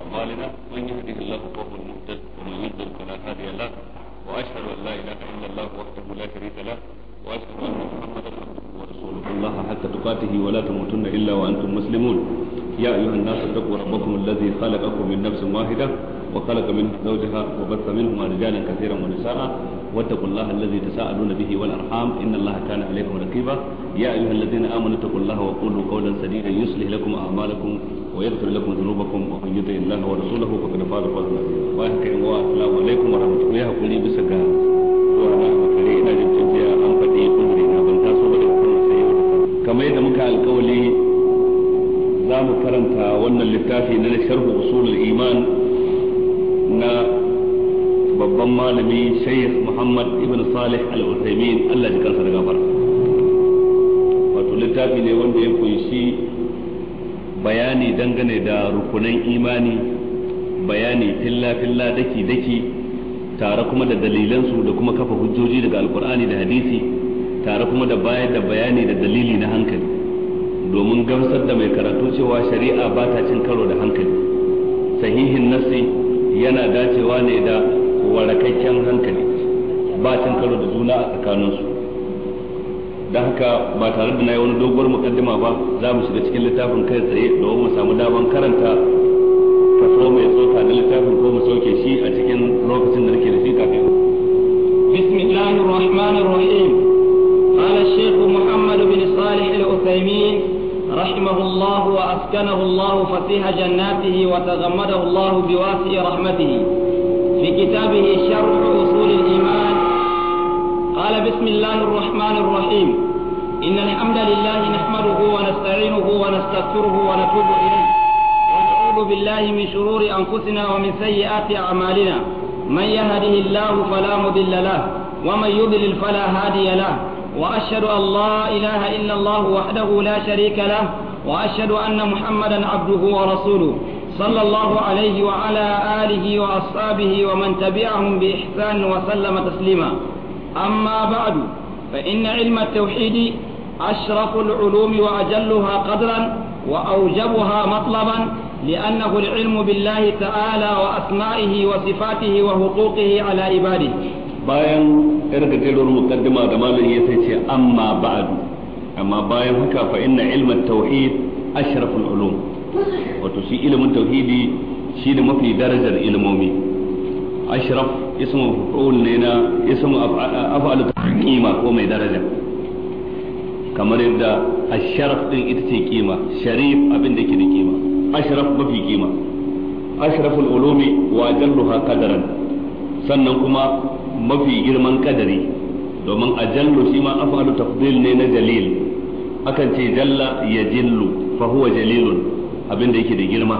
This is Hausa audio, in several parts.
أعمالنا من يهده الله فهو المهتد ومن يضلل فلا هادي له وأشهد أن لا إله إلا الله وحده لا شريك له وأشهد أن محمدا عبده ورسوله الله حتى تقاته ولا تموتن إلا وأنتم مسلمون يا أيها الناس اتقوا ربكم الذي خلقكم من نفس واحدة وخلق من زوجها وبث منهما رجالا كثيرا ونساء واتقوا الله الذي تساءلون به والأرحام إن الله كان عليكم رقيبا يا أيها الذين آمنوا اتقوا الله وقولوا قولا سديدا يصلح لكم أعمالكم ويغفر لكم ذنوبكم ومن يطع الله ورسوله فقد فاز فوزا عظيما. السلام عليكم ورحمه الله وبركاته. كل بسكا ورحمه الله كما اذا مكا القولي زامو كرمتا ون اللتافي ان شرب اصول الايمان نا babban malami shaykh muhammad ibn salih al-uthaymin allah ya karfa da gafara wato littafi ne bayani dangane da rukunan imani bayani filla-filla daki-daki tare kuma da dalilansu da kuma kafa hujjoji daga alkur'ani da hadisi tare kuma da bayar da bayani da dalili na hankali domin gamsar da mai karatu cewa shari'a ba ta cin karo da hankali sahihin nassi yana dacewa ne da warakakken hankali ba cin karo da juna a tsakaninsu da haka ba tare da na yi wani doguwar mukaddima ba za mu shiga cikin littafin kai tsaye domin mu samu daman karanta kaso mai tsoka na littafin ko mu sauke shi a cikin lokacin da nake da shi kafin bismillahir rahmanir rahim qala shaykh muhammad bin salih al-uthaymin رحمه الله وأسكنه الله فسيح جناته وتغمده الله بواسع رحمته في كتابه شرح أصول الإيمان قال بسم الله الرحمن الرحيم إن الحمد لله نحمده ونستعينه ونستغفره ونتوب إليه ونعوذ بالله من شرور أنفسنا ومن سيئات أعمالنا من يهده الله فلا مضل له ومن يضلل فلا هادي له وأشهد أن لا إله إلا الله وحده لا شريك له وأشهد أن محمدا عبده ورسوله صلى الله عليه وعلى آله وأصحابه ومن تبعهم بإحسان وسلم تسليما أما بعد فإن علم التوحيد أشرف العلوم وأجلها قدرا وأوجبها مطلبا لأنه العلم بالله تعالى وأسمائه وصفاته وحقوقه على عباده bayan irgagarwar mukaddima da malam ya sai ce amma ba'du amma bayan haka fa inna ilmin tauhid ashraful ulum wato shi ilimin tauhidi shi ne mafi darajar ilimomi ashraf ismu maf'ul ne na ismu af'al kima ko mai daraja kamar yadda asharaf din ita ce kima sharif abin da yake da kima ashraf mafi kima ashraful ulumi wa ajalluha qadaran sannan kuma mafi girman kadari domin ajallu shi ma af'alu tafdil ne na jalil akan ce jalla ya jillu fa huwa jalilun abin da yake da girma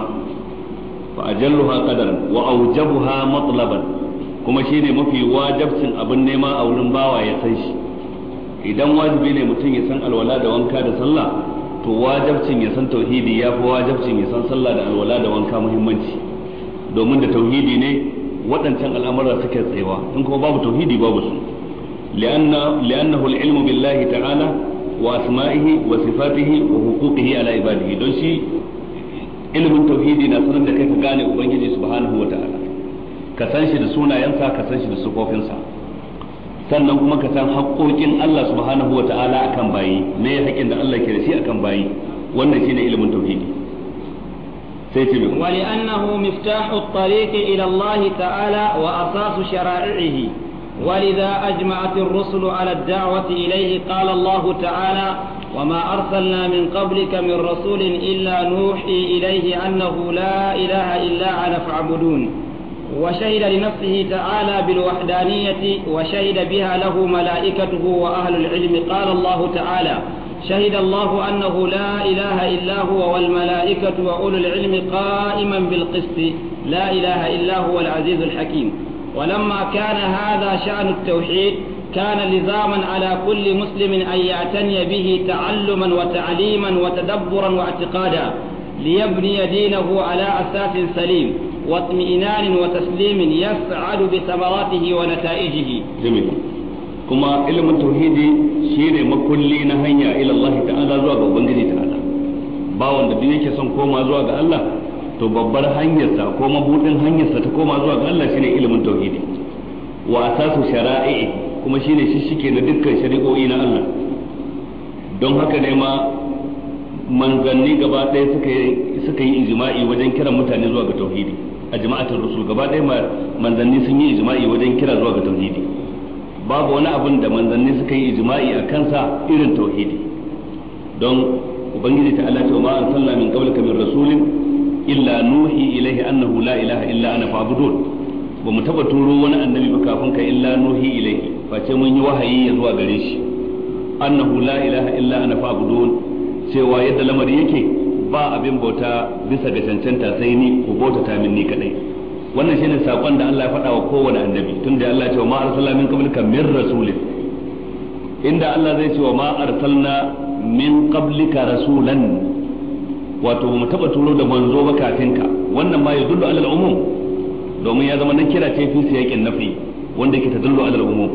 fa ajalluha qadaran wa awjabuha matlaban kuma shine mafi wajibcin abin nema a wurin bawa ya san shi idan wajibi ne mutum ya san alwala da wanka da sallah to wajibcin ya san tauhidi ya fi wajibcin ya san sallah da alwala da wanka muhimmanci domin da tauhidi ne waɗancan al'amura suke tsayawa in kuma babu tauhidi babu su li'annahu al billahi ta'ala wa asma'ihi wa sifatihi wa huquqihi ala ibadihi don shi ilimin tauhidi na sanar da kai ka gane ubangiji subhanahu wataala ka san shi da sunayensa ka san shi da sufofinsa sannan kuma ka san haƙoƙin Allah subhanahu wataala akan bayi me ya haƙin da Allah ke da shi akan bayi wannan shine ilimin tauhidi sai ce wa li'annahu miftahu at-tariq ila Allah ta'ala wa asasu shara'ihi ولذا أجمعت الرسل على الدعوة إليه قال الله تعالى وما أرسلنا من قبلك من رسول إلا نوحي إليه أنه لا إله إلا أنا فاعبدون وشهد لنفسه تعالى بالوحدانية وشهد بها له ملائكته وأهل العلم قال الله تعالى شهد الله أنه لا إله إلا هو والملائكة وأولو العلم قائما بالقسط لا إله إلا هو العزيز الحكيم ولما كان هذا شأن التوحيد كان لزاما على كل مسلم أن يعتني به تعلما وتعليما وتدبرا واعتقادا ليبني دينه على أساس سليم واطمئنان وتسليم يسعد بثمراته ونتائجه جميل كما علم التوحيد شير مكلي نهيا إلى الله تعالى زوى وبنجي تعالى باون دبينك سنكوما زوى الله to babbar hanyarsa ko mabudin hanyarsa ta koma zuwa ga Allah shine ilimin tauhidi wa asasu shara'i kuma shine shishike na dukkan shari'o'i na Allah don haka ne ma manzanni gaba ɗaya suka yi suka yi ijma'i wajen kiran mutane zuwa ga tauhidi a jama'atul rusul gaba ɗaya manzanni sun yi ijma'i wajen kira zuwa ga tauhidi babu wani abin da manzanni suka yi ijma'i a kansa irin tauhidi don ubangiji ta Allah ta ma an min qablika min rasulin illa nuhi ilaihi annahu la ilaha illa ana fa'budun ba mu taba turo wani annabi ba kafin ka illa nuhi ilaihi face mun yi wahayi ya zuwa gare shi annahu la ilaha illa ana fa'budun cewa yadda lamari yake ba abin bauta bisa ga cancanta sai ni ku bauta ta min ni kadai wannan shine sakon da Allah ya faɗa wa kowane annabi tunda Allah ya ce ma arsalna min qablika min rasulin inda Allah zai ce wa ma arsalna min qablika rasulan wato mu taba turo da manzo ba kafin ka wannan ma dullu alal umum domin ya zama na kira ce fi siyakin nafi wanda yake dullu alal umum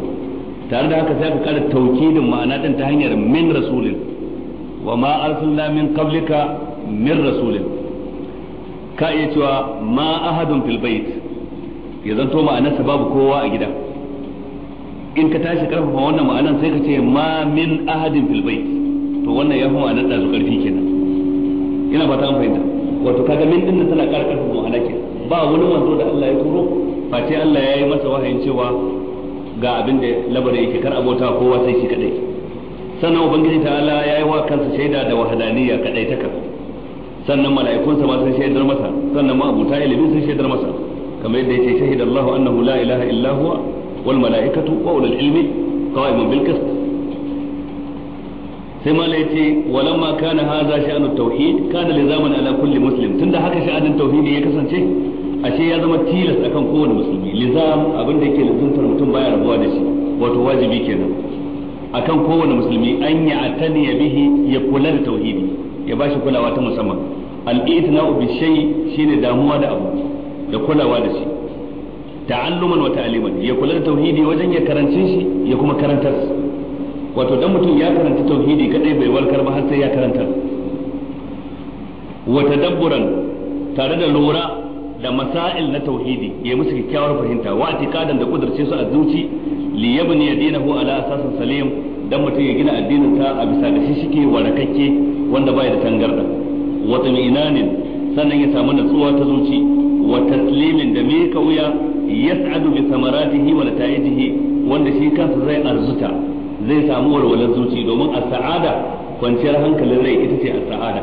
tare da haka sai aka kara taukidin ma'ana din ta hanyar min rasulin wa ma arsalna min qablika min rasulin ka iya cewa ma ahadun fil bait ya zanto ma'anarsa babu kowa a gida in ka tashi karfafa wannan ma'anar sai ka ce ma min ahadin fil bait to wannan ya fi ma'anar da su karfi kenan ina fata an fahimta wato kaga min din tana ƙara ƙarfin ma'ana ke ba wani manzo da Allah ya turo face Allah ya yi masa wahayin cewa ga abin da labarin yake kar abota kowa sai shi kadai sannan ubangiji ta'ala ya yi wa kansa shaida da wahadaniya kadai ta sannan mala'ikunsa ma sun shaidar masa sannan ma abuta ilimi sun shaidar masa kamar yadda yake allah annahu la ilaha illa huwa wal mala'ikatu wa ulul ilmi qa'imun bil qist sai mala yace walamma kana haza sha'anu tauhid kana lizaman ala kulli muslim tunda haka sha'anin tauhidi ya kasance ashe ya zama tilas akan kowane musulmi lizam abin da yake lizuntar mutum baya rabuwa da shi wato wajibi kenan akan kowane musulmi an ya atani ya bihi ya kula da tauhidi ya bashi kulawa ta musamman al-i'tina'u bi shay shine damuwa da abu da kulawa da shi ta'alluman wa ta'liman ya kula da tauhidi wajen ya karance shi ya kuma karantar wato dan mutum ya karanta tauhidi kadai bai warkar ba har sai ya karanta wa tadabburan tare da lura da masail na tauhidi ya musu kyakkyawar fahimta wa atiqadan da kudurce su a zuci li yabni dinahu ala asasin salim dan mutum ya gina addinin ta a bisa da shishike warakakke wanda bai da tangarda wa tuminanin sannan ya samu natsuwa ta zuci wa taslimin da mika wuya yas'adu bi samaratihi wa nata'ijihi wanda shi kansa zai arzuta zai samu walwalar zuci domin a sa'ada kwanciyar hankalin rai ita ce a sa'ada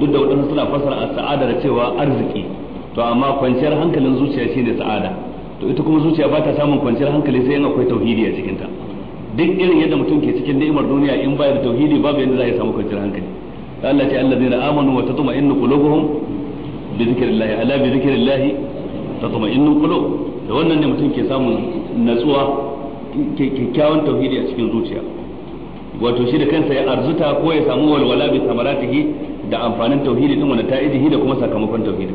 duk da waɗansu suna fasara a sa'ada da cewa arziki to amma kwanciyar hankalin zuciya shine sa'ada to ita kuma zuciya ba ta samun kwanciyar hankali sai yana akwai tauhidi a cikinta duk irin yadda mutum ke cikin ni'imar duniya in ba da tauhidi babu yadda za a samu kwanciyar hankali Allah ce allah allazina amanu wa tatma'innu kulubuhum bi zikrillah ala bi zikrillah tatma'innu kulub da wannan ne mutum ke samun natsuwa kyakkyawan tauhidi a cikin zuciya wato shi da kansa ya arzuta ko ya samu walwala bi samaratihi da amfanin tauhidi din wani ta'idihi da kuma sakamakon tauhidi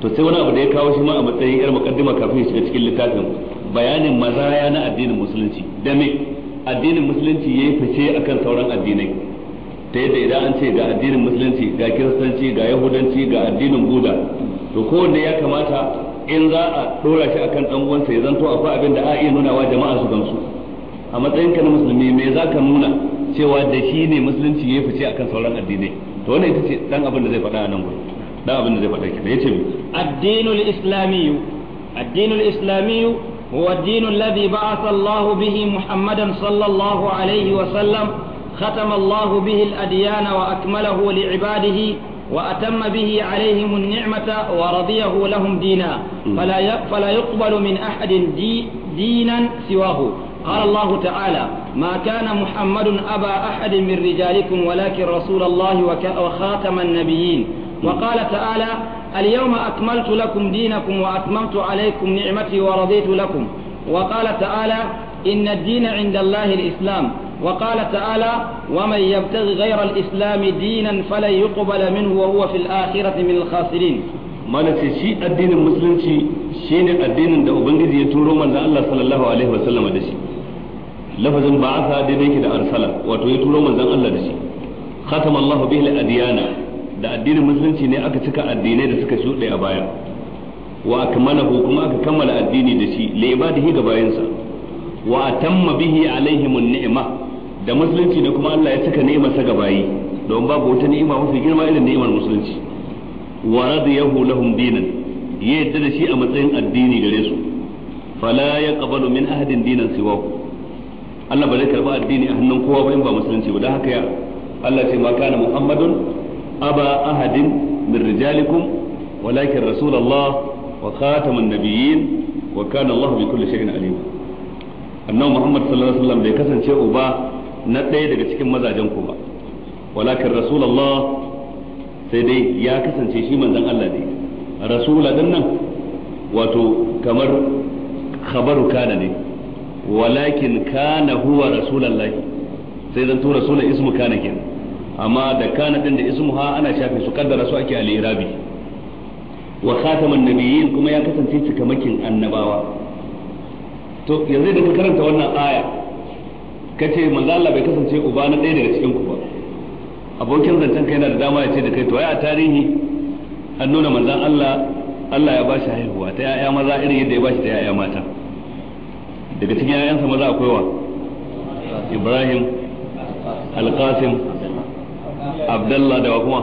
to sai wani abu da ya kawo shi ma a matsayin yar muqaddima kafin ya shiga cikin littafin bayanin mazaya na addinin musulunci da me addinin musulunci yayi fice akan sauran addinai ta yadda idan an ce ga addinin musulunci ga kiristanci ga yahudanci ga addinin buda to kowanne ya kamata in za a dora shi akan dan uwansa ya zanto akwai abin da a iya nuna wa jama'a su gamsu a matsayin ka na musulmi me za ka nuna cewa da shi ne musulunci ya fice akan sauran addinai to wannan ita ce dan abin da zai faɗa a nan gurin dan abin da zai faɗa kenan yace addinul islamiyyu addinul islamiyyu هو الدين الذي بعث الله به محمدا صلى الله عليه وسلم ختم الله به الأديان وأكمله لعباده وأتم به عليهم النعمة ورضيه لهم دينا فلا فلا يقبل من أحد دي دينا سواه قال الله تعالى ما كان محمد أبا أحد من رجالكم ولكن رسول الله وخاتم النبيين وقال تعالى اليوم أكملت لكم دينكم وأتممت عليكم نعمتي ورضيت لكم وقال تعالى إن الدين عند الله الإسلام وقال تعالى ومن يبتغي غير الإسلام دينا فلن يقبل منه وهو في الآخرة من الخاسرين malace shi addinin musulunci shine addinin da ubangiji ya turo manzo Allah sallallahu alaihi wasallama da shi lafazin ba'atha daidai yake da arsala wato ya turo manzon Allah da shi khatama Allahu bihi al-adyana da addinin musulunci ne aka cika addinai da suka shuɗe a baya wa akmalahu kuma aka kammala addini da shi li ibadihi bayansa wa bihi nima da musulunci ne kuma Allah ya saka ni'imarsa ga bayi don babu wata ni'ima mafi girma irin ni'imar musulunci wa radiyahu lahum dinan ya yadda da shi a matsayin addini gare su fala ya qabalu min ahadin dinan siwahu Allah ba zai karba addini a hannun kowa ba in ba musulunci ba dan haka ya Allah ce ma kana muhammadun aba ahadin min rijalikum walakin rasulullah wa khatamun nabiyyin wa kana Allah bi kulli shay'in alim annabi Muhammad sallallahu alaihi wasallam bai kasance uba na ɗaya daga cikin mazajen ku ba walakin rasulallah sai dai ya kasance shi manzon Allah ne rasula din nan wato kamar khabaru kana ne walakin kana huwa rasulullahi sai zan tura rasulun ismu kana kenan amma da kana din da ismu ha ana shafe su kaddara su ake al-irabi wa khataman nabiyyin kuma ya kasance cikamakin annabawa to yanzu da ka karanta wannan aya Ka ce, manzo Allah bai kasance uba na ɗaya daga cikin ku ba abokin zancen kai yana da dama ya ce da kai to ai a tarihi an nuna manzon Allah Allah ya bashi haihuwa ta yaya maza irin yadda ya bashi ta yaya mata daga cikin yayansa maza akwai wa Ibrahim Al-Qasim Abdullah da kuma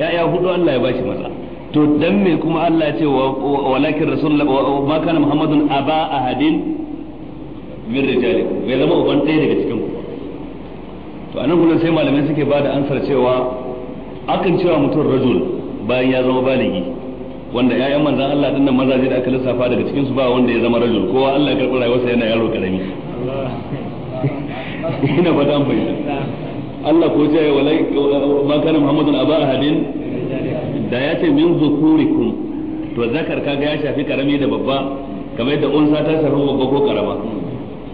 yaya hudu Allah ya bashi maza to dan me kuma Allah ya ce walakin rasul ma kana muhammadun aba ahadin min rijali bai zama uban ɗaya daga cikin ku to anan gurin sai malamai suke ba da ansar cewa akan cewa mutum rajul bayan ya zama baligi wanda ƴaƴan manzan Allah dinnan mazaje da aka lissafa daga cikin su ba wanda ya zama rajul kowa Allah ya karɓi rayuwarsa yana yaro karami ina ba dan bayyana Allah ko ce walai ma kana Muhammadun aba ahadin da ya ce min zukurikum to zakar kaga ya shafi karami da babba kamar yadda unsa ta shafi babba ko karama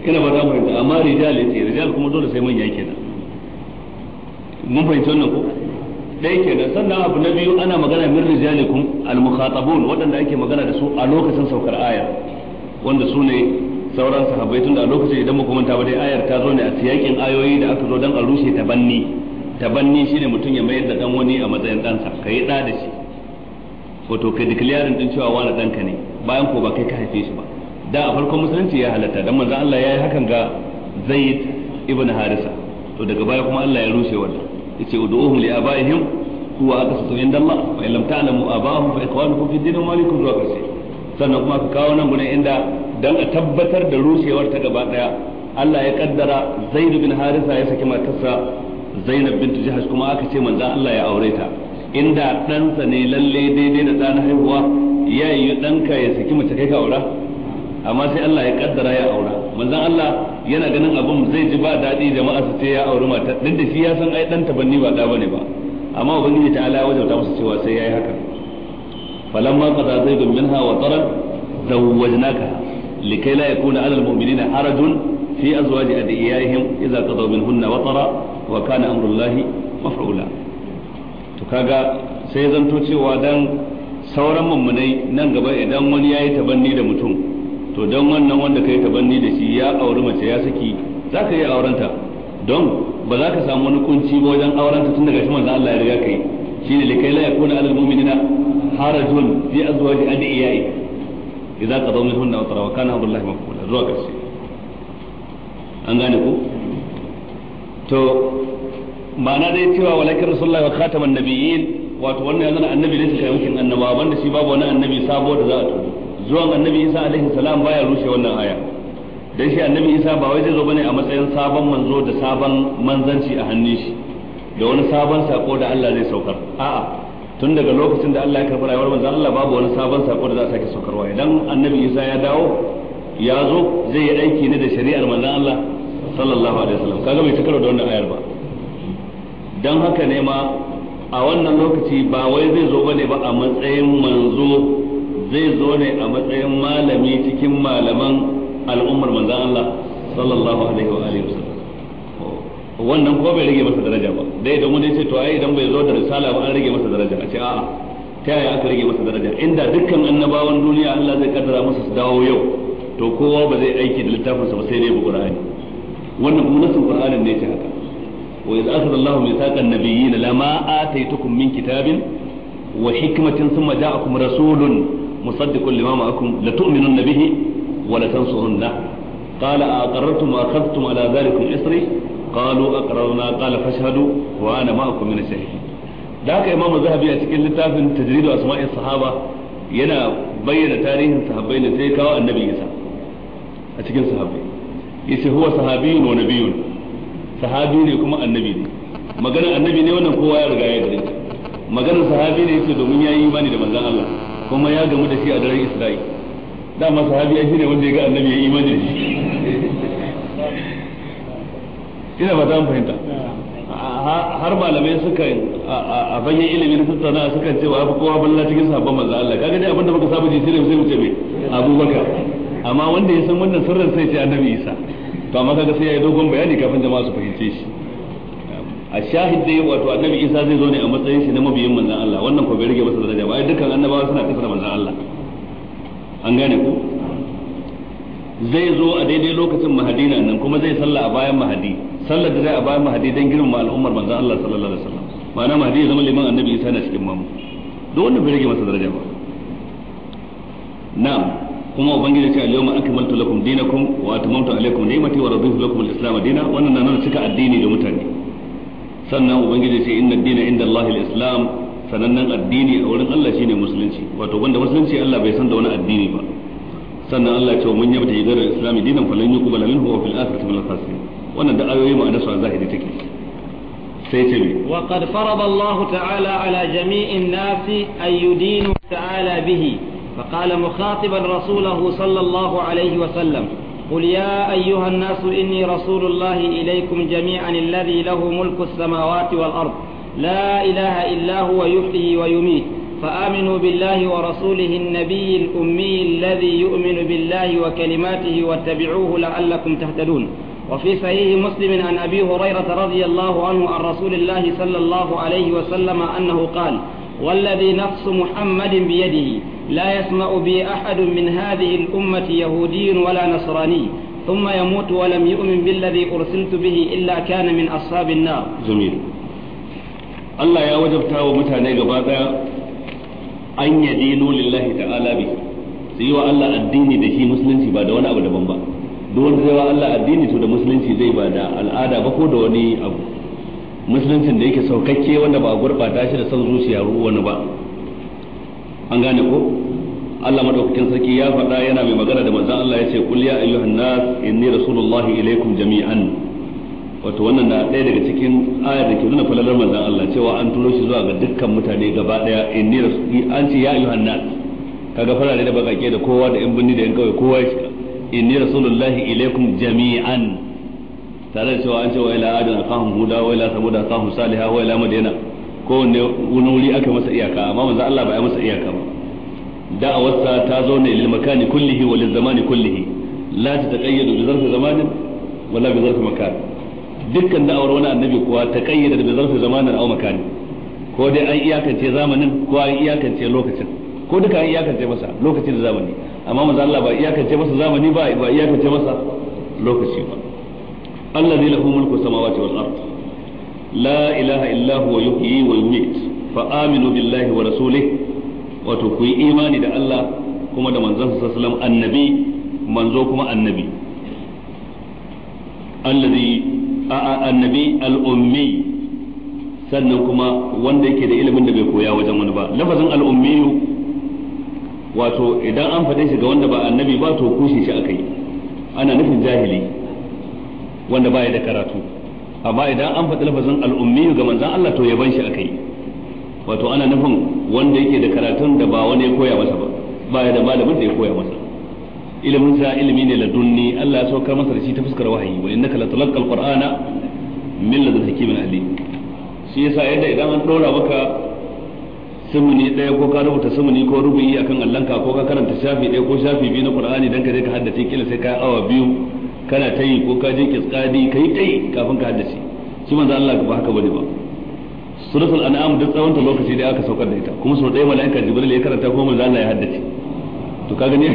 kana ba za mu yanzu amma rijal ya ce rijal kuma dole sai manya kenan mun fahimci wannan ko dai kenan sannan abu na biyu ana magana min rijalikum al-mukhatabun waɗanda ake magana da su a lokacin saukar aya wanda su ne sauran sahabbai tunda a lokacin idan muka manta ba dai ayar ta zo ne a siyakin ayoyi da aka zo dan a rushe tabanni tabanni shine mutum ya mayar da dan wani a matsayin dansa ka yi ɗa da shi to kai declaring din cewa wani ka ne bayan ko ba kai ka haife shi ba da a farkon musulunci ya halatta dan manzo Allah ya yi hakan ga Zaid ibn Harisa to daga baya kuma Allah ya rushe wannan yace ud'uhum li abaihim huwa aqsatu inda Allah wa illam ta'lamu abahum fa ikhwanukum fi din wa malikum zuwa karshe sannan kuma ka kawo nan gurin inda dan a tabbatar da rushewar ta gaba daya Allah ya kaddara Zaid ibn Harisa ya saki matarsa Zainab bint Jahash kuma aka ce manzo Allah ya aure ta inda ɗansa ne lalle daidai da dan haihuwa ya yi ɗanka ya saki mace kai ka aura amma sai Allah ya kaddara ya aura manzon Allah yana ganin abin zai ji ba daɗi jama'a su ce ya auri mata duk da shi ya san ai dan tabanni ba da bane ba amma ubangiji ta'ala ala wajauta masa cewa sai yayi haka falamma qada zaidun minha wa taran zawwajnaka likai la yakuna alal mu'minina harajun fi azwaji adiyaihim idza qadaw minhunna wa tara wa kana amrullahi maf'ula to kaga sai zanto cewa dan sauran mummunai nan gaba idan wani yayi tabanni da mutum to don wannan wanda ka yi tabanni da shi ya auri mace ya saki za ka yi aurenta don ba za ka samu wani kunci ba wajen aurenta tun daga shi manzo Allah ya riga kai ne likai la yakuna alal mu'minina harajun fi azwaji adiyai idza qadaw minhunna wa tarawa kana Abdullah mafula zuwa karshe an gane ku to ma'ana dai cewa walakin rasulullahi wa khataman nabiyyin wato wannan yana annabi ne kai mukin annaba banda shi babu wani annabi sabo da za a tuba zuwan annabi isa alaihi salam baya rushe wannan aya dan shi annabi isa ba wai zai zo bane a matsayin sabon manzo da sabon manzanci a hannun shi da wani sabon sako da Allah zai saukar a'a tun daga lokacin da Allah ya karɓi rayuwar manzo Allah babu wani sabon sako da za a sake saukarwa idan annabi isa ya dawo ya zo zai yi aiki ne da shari'ar manzon Allah sallallahu alaihi wasallam kaga bai tukar da wannan ayar ba dan haka ne ma a wannan lokaci ba wai zai zo bane ba a matsayin manzo zai zo ne a matsayin malami cikin malaman al'ummar manzan Allah sallallahu alaihi wa alihi wasallam wannan ko bai rage masa daraja ba dai idan wani ya ce to ai idan bai zo da risala ba an rage masa daraja a ce a'a ta yaya aka rage masa daraja inda dukkan annabawan duniya Allah zai kaddara masa su dawo yau to kowa ba zai aiki da littafinsa ba sai dai ba Qur'ani wannan kuma nasu Qur'anin ne ce haka وإذ أخذ الله ميثاق النبيين لما آتيتكم من كتاب وحكمة ثم جاءكم rasulun? musaddiqun lima ma'akum la tu'minunna bihi wa la tansurunna qala a aqarrartum wa akhadhtum ala dhalikum isri qalu aqrarna qala fashhadu wa ana ma'akum min ash-shahidin da haka imam zahabi a cikin littafin tajridu asma'is sahaba yana bayyana tarihin sahabbai sai kawo annabi isa a cikin sahabbai yace huwa sahabiyyun wa nabiyyun sahabi ne kuma annabi ne annabi ne wannan kowa ya riga ya gare ne domin imani da Allah kuma ya gamu da shi a daren Isra'i dama sahabi shi ne wanda ya ga annabi ya imani da shi ina ba ta fahimta har malamai suka a fanyen ilimin tattauna suka ce wa kowa balla cikin sabon manzo Allah kaga dai abinda baka saba jinsi sai sai mu ce mai Abubakar amma wanda ya san wannan sirrin sai ce annabi Isa to amma kaga sai ya yi dogon bayani kafin jama'a su fahimce shi a shahid dai wato annabi isa zai zo ne a matsayin shi na mabiyin manzan Allah wannan ko bai rage masa daraja ba dukkan annabawa suna kasa da manzan Allah an gane ku zai zo a daidai lokacin mahadina nan kuma zai salla a bayan mahadi sallar da zai a bayan mahadi dan ma al'ummar manzan Allah sallallahu alaihi wasallam ma'ana mahadi ya zama liman annabi isa na cikin mamu duk wannan bai rage masa daraja ba na'am kuma ubangiji ce al-yawma akmaltu lakum dinakum wa atamamtu alaykum ni'mati wa raditu lakum al-islam dinan wannan na suka cika addini da mutane sannan ubangiji sai inna dina inda Allah islam sanannen addini a wurin Allah shine musulunci wato banda musulunci Allah bai san da wani addini ba sannan Allah ya ce mun yabta idar islami dinan falan yuqbal minhu wa fil akhirati min al-khasirin wannan da ayoyi ma'ana su a zahiri take sai ce me wa qad farada Allah ta'ala ala jami'in nasi an yudinu ta'ala bihi فقال مخاطبا رسوله صلى الله عليه وسلم قل يا أيها الناس إني رسول الله إليكم جميعا الذي له ملك السماوات والأرض لا إله إلا هو يحيي ويميت فآمنوا بالله ورسوله النبي الأمي الذي يؤمن بالله وكلماته واتبعوه لعلكم تهتدون وفي صحيح مسلم عن أبي هريرة رضي الله عنه عن رسول الله صلى الله عليه وسلم أنه قال والذي نفس محمد بيده لا يسمع بي أحد من هذه الأمة يهودي ولا نصراني ثم يموت ولم يؤمن بالذي أرسلت به إلا كان من أصحاب النار جميل الله يا وجبتا ومتانا قبادا أن يدينوا لله تعالى به سيوا الله الدين بشي مسلم سي بعد أبدا بمبا دون سيوا الله الدين تو مسلم سي زي الآداء بكو دوني أبو مسلم da yake saukakke wanda ba a gurɓata shi da son an gane ko Allah madaukakin sarki ya faɗa yana mai magana da manzon Allah ya ce kul ya ayyuhan nas inni rasulullahi ilaikum jami'an wato wannan na ɗaya daga cikin ayar da ke nuna falalar manzon Allah cewa an turo shi zuwa ga dukkan mutane gaba daya inni rasulullahi an ce ya ayyuhan nas kaga farare da bakake da kowa da yan binni da yan kawai kowa ya shiga inni rasulullahi ilaikum jami'an tare da cewa an ce wa ila adana kahum huda wa ila samuda kahum salihah wa ila madina ko wanne wani wuri aka masa iyaka amma manzo Allah ba ya masa iyaka ba da'awarsa ta zo ne lil makani kullihi wa lil zamani kullihi la tataqayyadu bi zarfi zamanin wala bi zarfi makan dukkan da'awar wani annabi kuwa ta kayyada da zarfi zamanin aw makani ko dai an iyakance zamanin ko an iyakance lokacin ko duka an iyakance masa lokaci da zamani amma manzo Allah ba iyakance masa zamani ba ba iyakance masa lokaci ba allazi lahu mulku samawati wal ardh la ilaha illa huwa yuhyi wa yumiit fa aminu billahi wa rasulih wato ku imani da Allah kuma da manzon sa sallallahu annabi manzo kuma annabi allazi annabi al-ummi sannan kuma wanda yake da ilimin da bai koya wajen wani ba lafazin al-ummi wato idan an faɗe shi ga wanda ba annabi ba to kushe shi akai ana nufin jahili wanda baya da karatu amma idan an faɗi lafazin al'ummi ga manzan Allah to yaban shi akai wato ana nufin wanda yake da karatun da ba wani ya koya masa ba baya da malamin da ya koya masa ilimin sa ilimi ne ladunni Allah ya saukar masa da shi ta fuskar wahayi wa innaka latalaqqa alqur'ana min ladun hakimin alim shi yasa yadda idan an dora maka sumuni ɗaya ko ka rubuta sumuni ko rubuyi akan allanka ko ka karanta shafi ɗaya ko shafi biyu na qur'ani dan ka je ka haddace kila sai ka awa biyu kana ta yi ko ka je kiskadi kai tai kafin ka haddace shi manzo Allah ba haka bane ba suratul an'am duk tsawon ta lokaci da aka saukar da ita kuma sau ɗaya mala'ika jibril ya karanta ko manzo Allah ya haddace to ka gani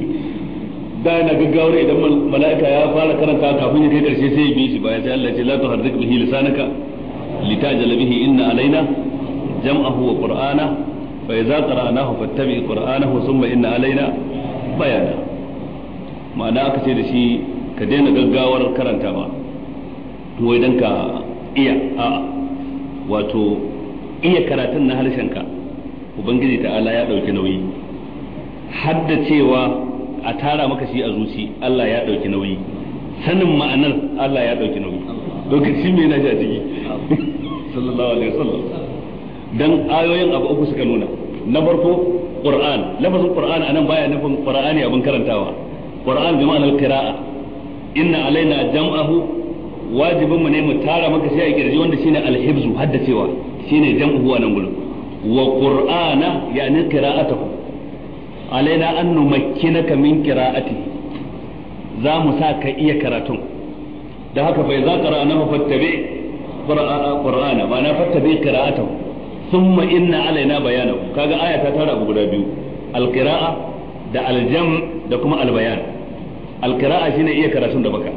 da yana gaggawar idan mala'ika ya fara karanta kafin ya kai karshe sai ya bi shi baya sai Allah ya ce la tuharrik bihi lisanaka litajala bihi inna alaina jam'ahu wa qur'ana fa idza qara'nahu fattabi qur'anahu thumma inna alaina bayana ma'ana aka ce da shi ka daina gaggawar karanta ba wai dan ka iya a wato iya karatun na harshenka ubangiji ta'ala ya ɗauki nauyi haddacewa a tara maka shi a zuci Allah ya ɗauki nauyi sanin ma'anar Allah ya ɗauki nauyi lokaci mai na a ciki sallallahu alaihi wasallam dan ayoyin abu uku suka nuna na farko qur'an lafazin qur'an anan baya nufin qur'ani abin karantawa qur'an bi ma'anar qira'a inna alaina jam'ahu wajibin mu ne mu tara maka shi a kirji wanda shine al-hibzu haddacewa shine jam'uhu a nan gurin wa qur'ana yani qira'atuhu alaina an numakkinaka min qira'ati za mu sa ka iya karatun da haka bai za qara'ana fa fattabi qur'ana ma na alaina tara guda biyu al da aljam da kuma albayan alkira'a shine iya karatun da baka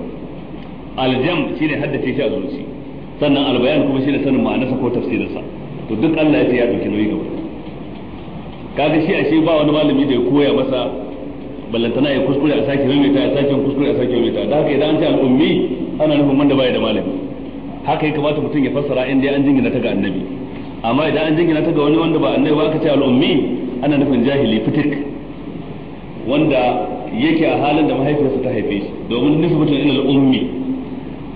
aljam shine haddace shi a zuci sannan albayan kuma shine sanin ma'anarsa ko tafsirinsa to duk Allah ya ce ya dauki nauyi gaba kaga shi shi ba wani malami da ya koya masa ballantana ya kuskure a sake ta ya sake kuskure a sake rubuta da haka idan an ce al'ummi ana nufin wanda baya da malami haka ya kamata mutum ya fassara in dai an jingina ta ga annabi amma idan an jingina ta ga wani wanda ba annabi ba ka ce al'ummi ana nufin jahili fitik wanda yake a halin da mahaifiyarsa ta haife shi domin nisbatun ilal ummi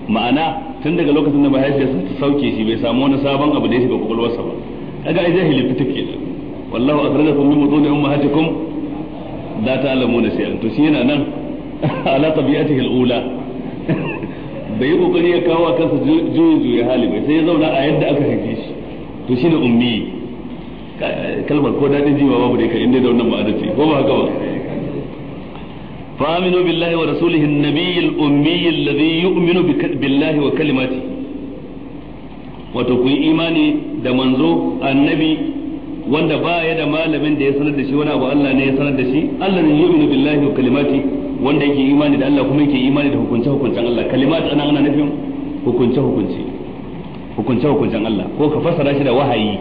ma'ana tun daga lokacin da mahaifiyarsa ta sauke shi bai samu wani sabon abu da ya shiga kwakwalwarsa ba kaga ai jahili fita ke da wallahu akhrajakum min da ummahatikum la ta'lamuna shay'an to shi yana nan ala tabi'atihi al-ula bai kokari ya kawo a kansa juyin juya hali bai sai ya zauna a yadda aka haife shi to shine ummi kalmar ko dadin jiwa babu dai kai inda da wannan ma'adati ko ba haka ba فآمنوا بالله ورسوله النبي الأمي الذي يؤمن بالله وكلماته وتكون إيماني da manzo annabi wanda ba ya da malamin da ya sanar da shi wani abu Allah ne ya sanar da shi Allah ne yu'minu billahi wa kalimati wanda yake imani da Allah kuma yake imani da hukunce hukuncen Allah kalimat ana ana nufin hukunce hukunce hukunce hukuncen Allah ko ka fassara shi da wahayi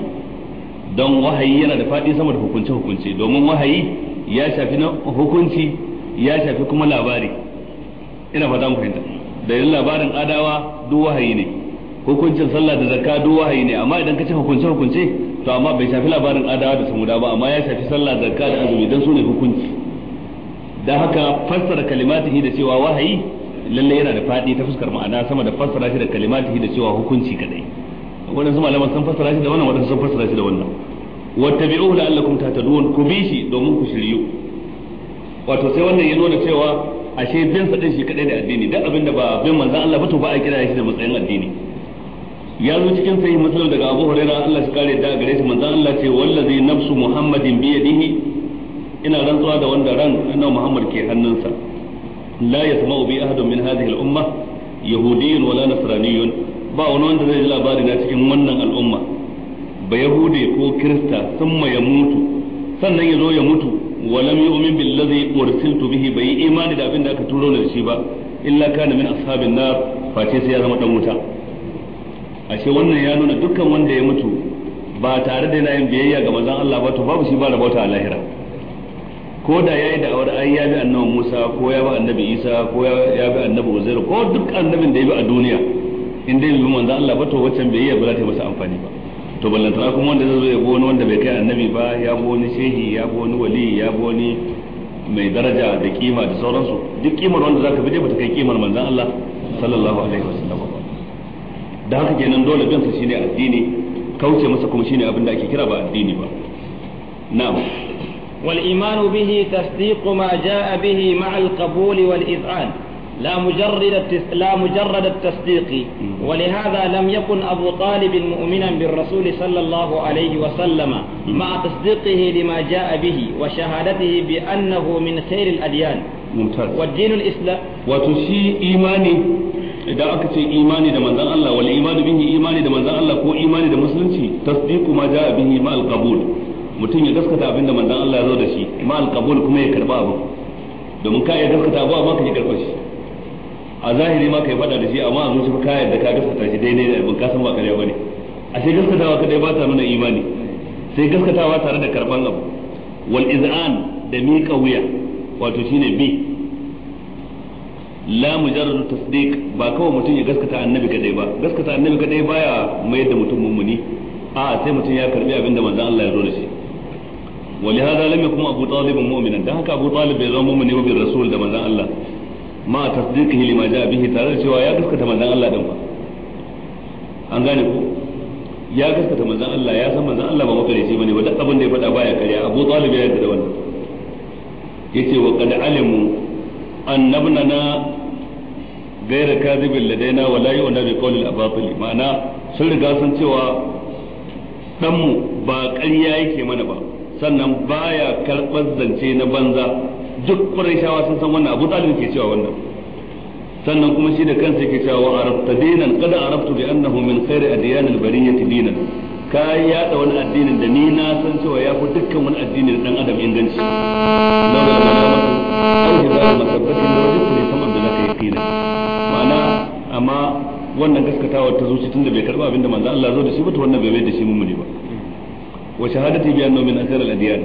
don wahayi yana da fadi sama da hukunce hukunce domin wahayi ya shafi na hukunci ya shafi kuma labari ina fata mu fahimta dalilin labarin adawa duk wahayi ne hukuncin sallah da zakka duk wahayi ne amma idan ka ce hukunce hukunce to amma bai shafi labarin adawa da samuda ba amma ya shafi sallah zakka da azumi dan su ne hukunci dan haka fassara kalimatihi da cewa wahayi lalle yana da fadi ta fuskar ma'ana sama da fassara shi da kalimatihi da cewa hukunci kadai wadansu malaman sun fassara shi da wannan wadansu sun fassara shi da wannan wattabi'uhu la'allakum tahtadun ku bi shi domin ku shiryu wato sai wannan ya nuna cewa ashe bin sa din shi kadai ne addini duk abin da ba bin manzon Allah ba to ba a kira shi da matsayin addini ya zo cikin sai muslim daga Abu Hurairah Allah shi kare da gare shi manzon Allah ce wallazi nafsu Muhammadin bi yadihi ina rantsuwa da wanda ran annabi Muhammad ke hannunsa la yasma'u bi ahadin min hadhihi al-umma yahudiyyun wala nasraniyyun ba wani wanda zai ji labari na cikin wannan al'umma ba yahude ko kirista sun ya mutu sannan ya zo ya mutu wa lam yu'min billazi ursiltu bihi bai yi imani da abin aka turo da shi ba illa kana min ashabin nar face sai ya zama dan wuta ashe wannan ya nuna dukkan wanda ya mutu ba tare da yana yin biyayya ga manzon Allah ba to babu shi ba rabauta a lahira ko da yayi da awar ai ya bi annabi Musa ko ya bi annabi Isa ko ya bi annabi Uzair ko duk annabin da ya bi a duniya in dai bai bi manzon Allah ba to waccan biyayya ba za ta yi masa amfani ba to ballantana kuma wanda zai zo ya bi wani wanda bai kai annabi ba ya bi wani shehi ya bi wani wali ya bi wani mai daraja da kima da sauransu duk kimar wanda zaka bi dai bata kai kimar manzon Allah sallallahu alaihi wasallam da haka kenan dole bin sa shine addini kauce masa kuma shine abin da ake kira ba addini ba na'am والإيمان به تصديق ما جاء ma'al مع wal والإذعان لا مجرد لا مجرد التصديق ولهذا لم يكن أبو طالب مؤمنا بالرسول صلى الله عليه وسلم مع تصديقه لما جاء به وشهادته بأنه من خير الأديان ممتاز والدين الإسلام وتشي إيماني إذا أكت إيماني دمن الله والإيمان به إيماني دمن الله هو إيماني دمسلم تصديق ما جاء به مع القبول mutum ya gaskata abin da manzon Allah ya zo da shi mal qabul kuma ya karba abu domin ka ya a zahiri ma kai fada da shi amma a zuci ka yadda ka gaskata shi daidai da abin kasan ba kariya bane ashe gaskatawa kadai ba ta nuna imani sai gaskatawa tare da karban abu wal iz'an da mi wuya wato shine bi la mujarrad tasdiq ba kawai mutum ya gaskata annabi kadai ba gaskata annabi kadai baya mayar da mutum mummuni a sai mutum ya karbi abin da manzon Allah ya zo da shi ولهذا لم يكن ابو طالب مؤمنا ده haka abu talib bai zo mu'mini ba bi rasul da manzon Allah ma tasdiqihi lima jaa bihi tare da cewa ya gaskata manzon Allah din ba an gane ku ya gaskata manzon Allah ya san manzon Allah ba makareci bane ba duk abin da ya faɗa baya karya Abu Talib ya yarda da wannan yace wa qad alimu annabnana gaira kadibin ladaina wa la yu'na bi qawli al-abatil ma'ana sun riga sun cewa mu ba ƙarya yake mana ba sannan baya karɓar zance na banza duk shawa sun san wannan abu talib ke cewa wannan sannan kuma shi da kansa ke cewa wa arabta dinan kada arabtu bi annahu min khairi adyan al bariyati dinan ka yada wani addinin da ni na san cewa ya fi dukkan wani addinin dan adam inganci laula malamatu aw hidayatu masabbatin wajibtu li sama bi laka yaqina ma'ana amma wannan gaskatawa ta zuci tunda bai karba abinda manzo Allah zo da shi ba to wannan bai mai da shi mummuni ba wa shahadati bi annahu min asrar al adyan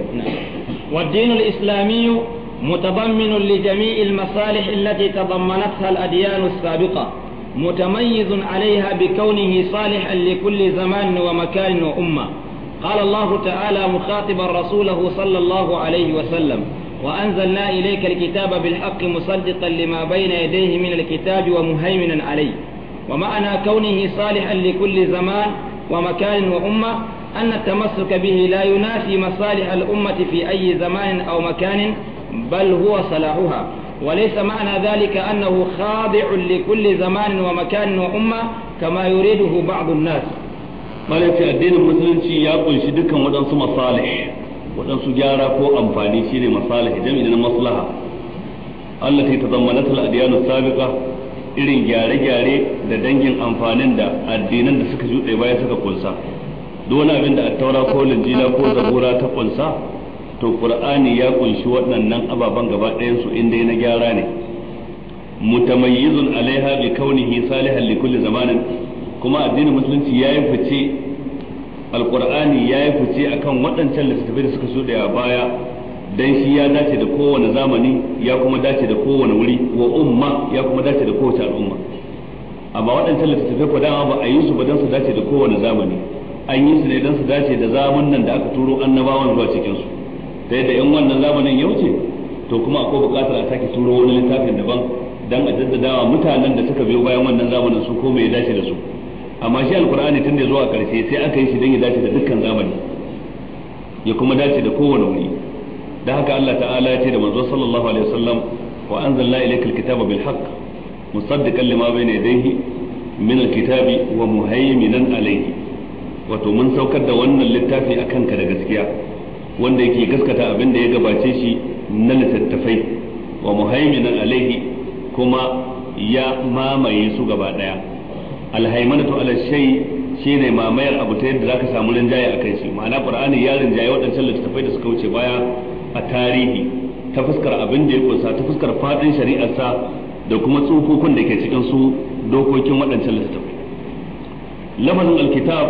wa ad-din al islamiyyu متضمن لجميع المصالح التي تضمنتها الأديان السابقة متميز عليها بكونه صالحا لكل زمان ومكان وأمة قال الله تعالى مخاطبا رسوله صلى الله عليه وسلم وأنزلنا إليك الكتاب بالحق مصدقا لما بين يديه من الكتاب ومهيمنا عليه ومعنى كونه صالحا لكل زمان ومكان وأمة أن التمسك به لا ينافي مصالح الأمة في أي زمان أو مكان بل هو صلاحها وليس معنى ذلك أنه خاضع لكل زمان ومكان وأمة كما يريده بعض الناس مالك الدين المسلمي يقول شدك ودنس مصالح ودنس جارة كو أنفاني شيني مصالح جميع مصلحة التي تضمنتها الأديان السابقة irin gyare-gyare da dangin amfanin da addinan da suka shuɗe baya suka kunsa duk wani abin da attaura ko linjila ko zabura ta kunsa to qur'ani ya kunshi waɗannan ababen gaba ɗayan su inda na gyara ne mutamayyizun alaiha bi kaunihi salihan li kulli zamanin kuma addinin musulunci ya yi fice alqur'ani ya yi fice akan waɗancan littattafai da suka shuɗe a baya dan shi ya dace da kowane zamani ya kuma dace da kowane wuri wa umma ya kuma dace da kowace al'umma amma waɗancan littattafai ko dama ba a yi su ba dan su dace da kowane zamani an yi su ne dan su dace da zamanin da aka turo annabawan zuwa cikin su sai da yan wannan zamanin ya wuce to kuma akwai buƙatar a sake turo wani littafin daban dan a jaddadawa mutanen da suka biyo bayan wannan zamanin su ko me ya dace da su amma shi alkur'ani tun da zuwa karshe sai aka yi shi don ya dace da dukkan zamani ya kuma dace da kowane wuri da haka Allah ta'ala ya ce da manzo sallallahu alaihi wasallam wa anzalna ilaykal kitaba bil haqq musaddiqan lima bayna yadayhi min alkitabi wa muhaiminan alayhi wato mun saukar da wannan littafi akan ka da gaskiya wanda yake gaskata abin da ya gabace shi na littattafai wa muhaiminan alaihi kuma ya mamaye su gaba daya alhaimanatu ala shay ne mamayar abu ta yadda zaka samu rinjaye a kai shi ma'ana qur'ani ya rinjaye waɗancan littattafai da suka wuce baya a tarihi ta fuskar abin da ya kunsa ta fuskar fadin sa da kuma tsokokun da ke cikin su dokokin waɗancan littattafai lafazin alkitab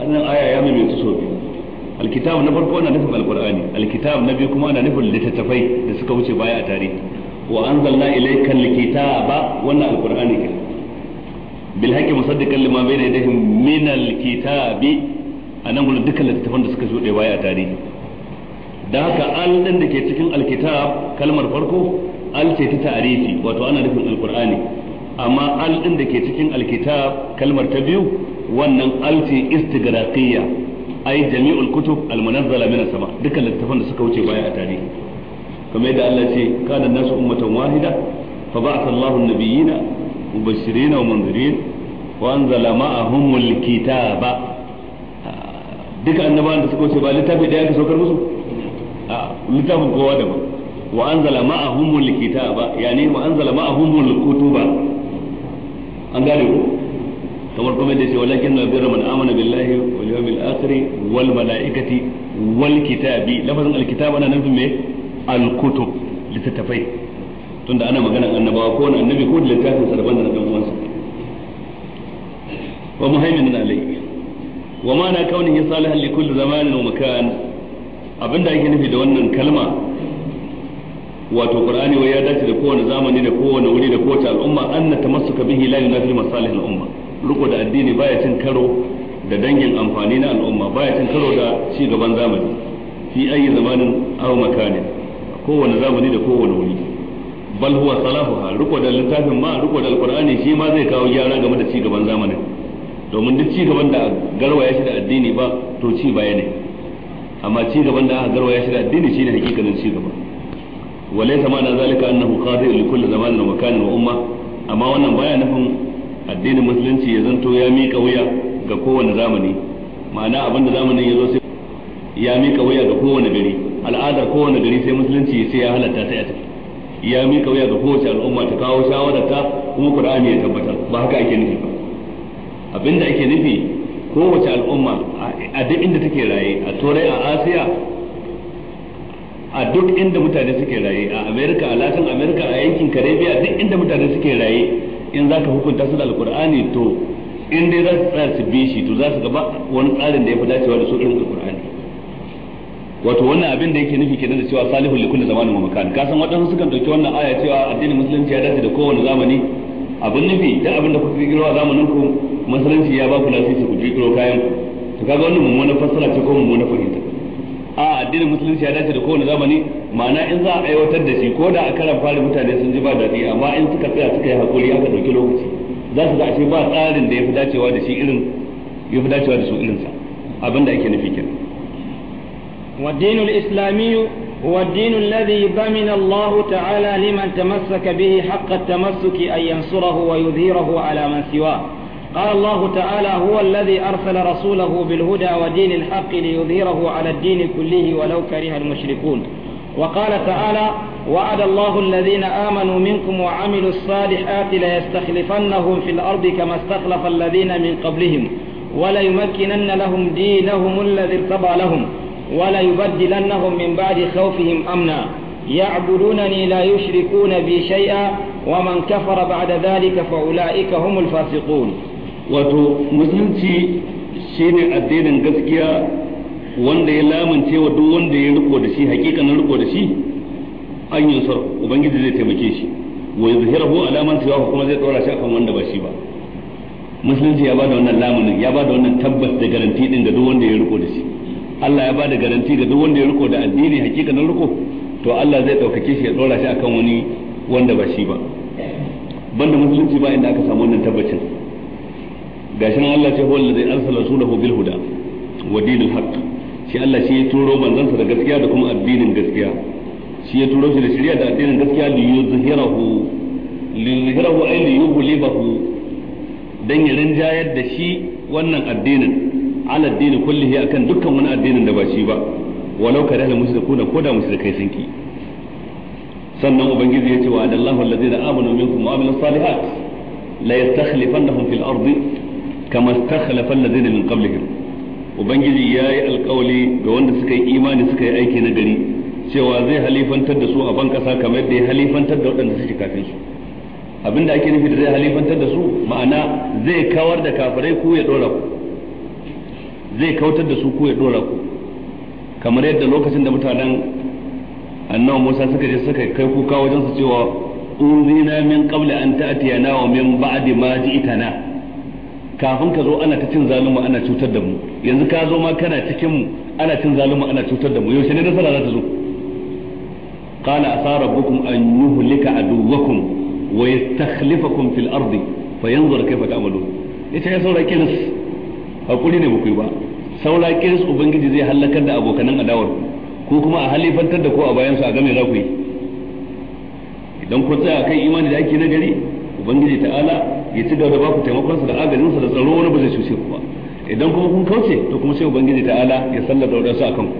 wannan aya ya mai mai biyu alkitab na farko ana nufin alqur'ani alkitab na biyu kuma ana nufin littattafai da suka wuce baya a tarihi wa anzalna ilayka alkitaba wannan alqur'ani ke bil haqqi musaddiqan lima bayna yadayhim min alkitabi anan gurin dukkan littattafan da suka shuɗe baya a tarihi da haka al din da ke cikin alkitab kalmar farko al ce ta ta'arifi wato ana nufin alqur'ani amma al din da ke cikin alkitab kalmar ta biyu wannan al ce istighraqiyya ai jami'ul kutub almunazzala min sama dukkan littafan da suka wuce baya a tarihi kamar yadda Allah ce kana nasu ummatan wahida fa ba'atha Allahu an-nabiyina mubashirin wa munzirin wa anzala ma'ahumul kitaba duka annabawan da suka wuce ba littafi daya aka saukar musu a littafin kowa an ko kamar kuma da ce walakin na birra man amana billahi wal yawmil akhir wal malaikati wal kitabi lafazin al kitab ana nufin me al kutub littattafai tunda ana maganar annabawa ko wani annabi ko da littafin sa daban da na dan uwansa wa muhaiminan alayhi wa ma na ya salihan li kulli zamanin wa makan abinda ake nufi da wannan kalma wato qur'ani wai ya dace da kowane zamani da kowane wuri da kowace al'umma anna tamassuka bihi la yunafi masalihil umma riko da addini baya cin karo da dangin amfani na al'umma baya cin karo da ci gaban zamani fi ayi zamanin aw makani kowane zamani da kowane wuri bal huwa salahuha riko da littafin ma riko da alqur'ani shi ma zai kawo gyara game da ci gaban zamanin domin duk ci gaban da garwaya shi da addini ba to ci baya ne amma ci gaban da aka garwaya shi da addini shine hakikanin ci gaba walaysa ma'ana zalika annahu qadir li kulli zamanin wa makanin wa umma amma wannan baya nufin addinin musulunci ya zanto ya miƙa wuya ga kowane zamani ma'ana abin da zamanin ya zo sai ya miƙa wuya ga kowane gari al'adar kowane gari sai musulunci sai ya halatta ta yata ya miƙa wuya ga kowace al'umma ta kawo shawararta kuma qur'ani ya tabbatar ba haka ake nufi ba abinda ake nufi kowace al'umma a duk inda take raye a turai a asiya a duk inda mutane suke raye a america a latin america a yankin caribbean duk inda mutane suke raye in za ka hukunta su da alkur'ani to in dai za su tsaya su bi shi to za su gaba wani tsarin da ya fi dacewa da su irin alkur'ani wato wannan abin da yake nufi kenan da cewa salihul likulli zamanin wa makan ka san wadansu sukan dauki wannan aya cewa addinin musulunci ya dace da kowane zamani abin nufi da abin da kuka girwa zamanin ku musulunci ya ba ku lasisi ku kirkiro kayan ku to kaga wannan mummunan fassara ce ko mummunan fahimta a addinin musulunci ya dace da kowane zamani ma'ana in za a aiwatar da shi ko da a karan fari mutane sun ji ba daɗi amma in suka tsaya suka yi hakuri aka ɗauki lokaci za su ga ashe ba tsarin da ya fi dacewa da shi irin ya fi dacewa da su irinsa abin da ake nufi kenan والدين الإسلامي هو الدين الذي ضمن الله تعالى لمن تمسك به حق التمسك أن ينصره ويظهره على من سواه قال الله تعالى هو الذي أرسل رسوله بالهدى ودين الحق ليظهره على الدين كله ولو كره المشركون وقال تعالى وعد الله الذين آمنوا منكم وعملوا الصالحات ليستخلفنهم في الأرض كما استخلف الذين من قبلهم وليمكنن لهم دينهم الذي ارتضى لهم وليبدلنهم من بعد خوفهم أمنا يعبدونني لا يشركون بي شيئا ومن كفر بعد ذلك فأولئك هم الفاسقون wato musulunci shine addinin gaskiya wanda ya lamince wa duk wanda ya riko da shi hakikanin riko da shi an yi sar ubangiji zai taimake shi wa yuzhirahu ala man siwahu kuma zai dora shi akan wanda ba shi ba musulunci ya bada wannan lamunin ya bada wannan tabbas da garanti din ga duk wanda ya riko da shi Allah ya bada garanti ga duk wanda ya riko da addini hakikanin riko to Allah zai daukake shi ya dora shi akan wani wanda ba shi ba banda musulunci ba inda aka samu wannan tabbacin ga shi nan Allah ce huwa allazi arsala rasulahu bil huda wa dinil haqq shi Allah shi ya turo manzansa da gaskiya da kuma addinin gaskiya shi ya turo shi da shari'a da addinin gaskiya li yuzhirahu li yuzhirahu ay li yughlibahu dan ya rinjayar da shi wannan addinin ala addini kullihi akan dukkan wani addinin da ba shi ba walau ka al mushrikuna ko da mushrikai sun ki sannan ubangiji ya ce wa adallahu alladhina amanu minkum wa amilus salihat la yastakhlifannahum fil ardi kama stakhlafa allazina min qablihim ubangiji yayi alkawali ga wanda suka yi imani suka yi aiki na gari cewa zai halifantar da su a ban kasa kamar yadda ya halifantar da waɗanda suke kafin su abinda ake nufi da zai halifantar da su ma'ana zai kawar da kafirai ko ya dora ku zai kautar da su ko ya dora ku kamar yadda lokacin da mutanen annabi Musa suka je suka kai kuka wajen su cewa unzina min qabla an ta'tiyana wa min ba'di ma ji'tana kafin ka zo ana ta cin zalunmu ana cutar da mu yanzu ka zo ma kana cikin mu ana cin zalunmu ana cutar da mu yaushe ne nasara za ta zo qala asa rabbukum an yuhlika aduwwakum wa yastakhlifakum fil ardi fa fayanzur kayfa ta'malun yace ya saura kiris hakuri ne bakwai ba saura kiris ubangiji zai halakar da abokanan adawar ko kuma a halifantar da ko a bayan su a game za ku yi idan ku tsaya kan imani da ake na gari ubangiji ta'ala ya ci gaba da baku taimakon sa da agajin sa da tsaro wani ba zai cuce ku ba idan kuma kun kauce to kuma sai ubangiji ta'ala ya sallar da wadansu akan ku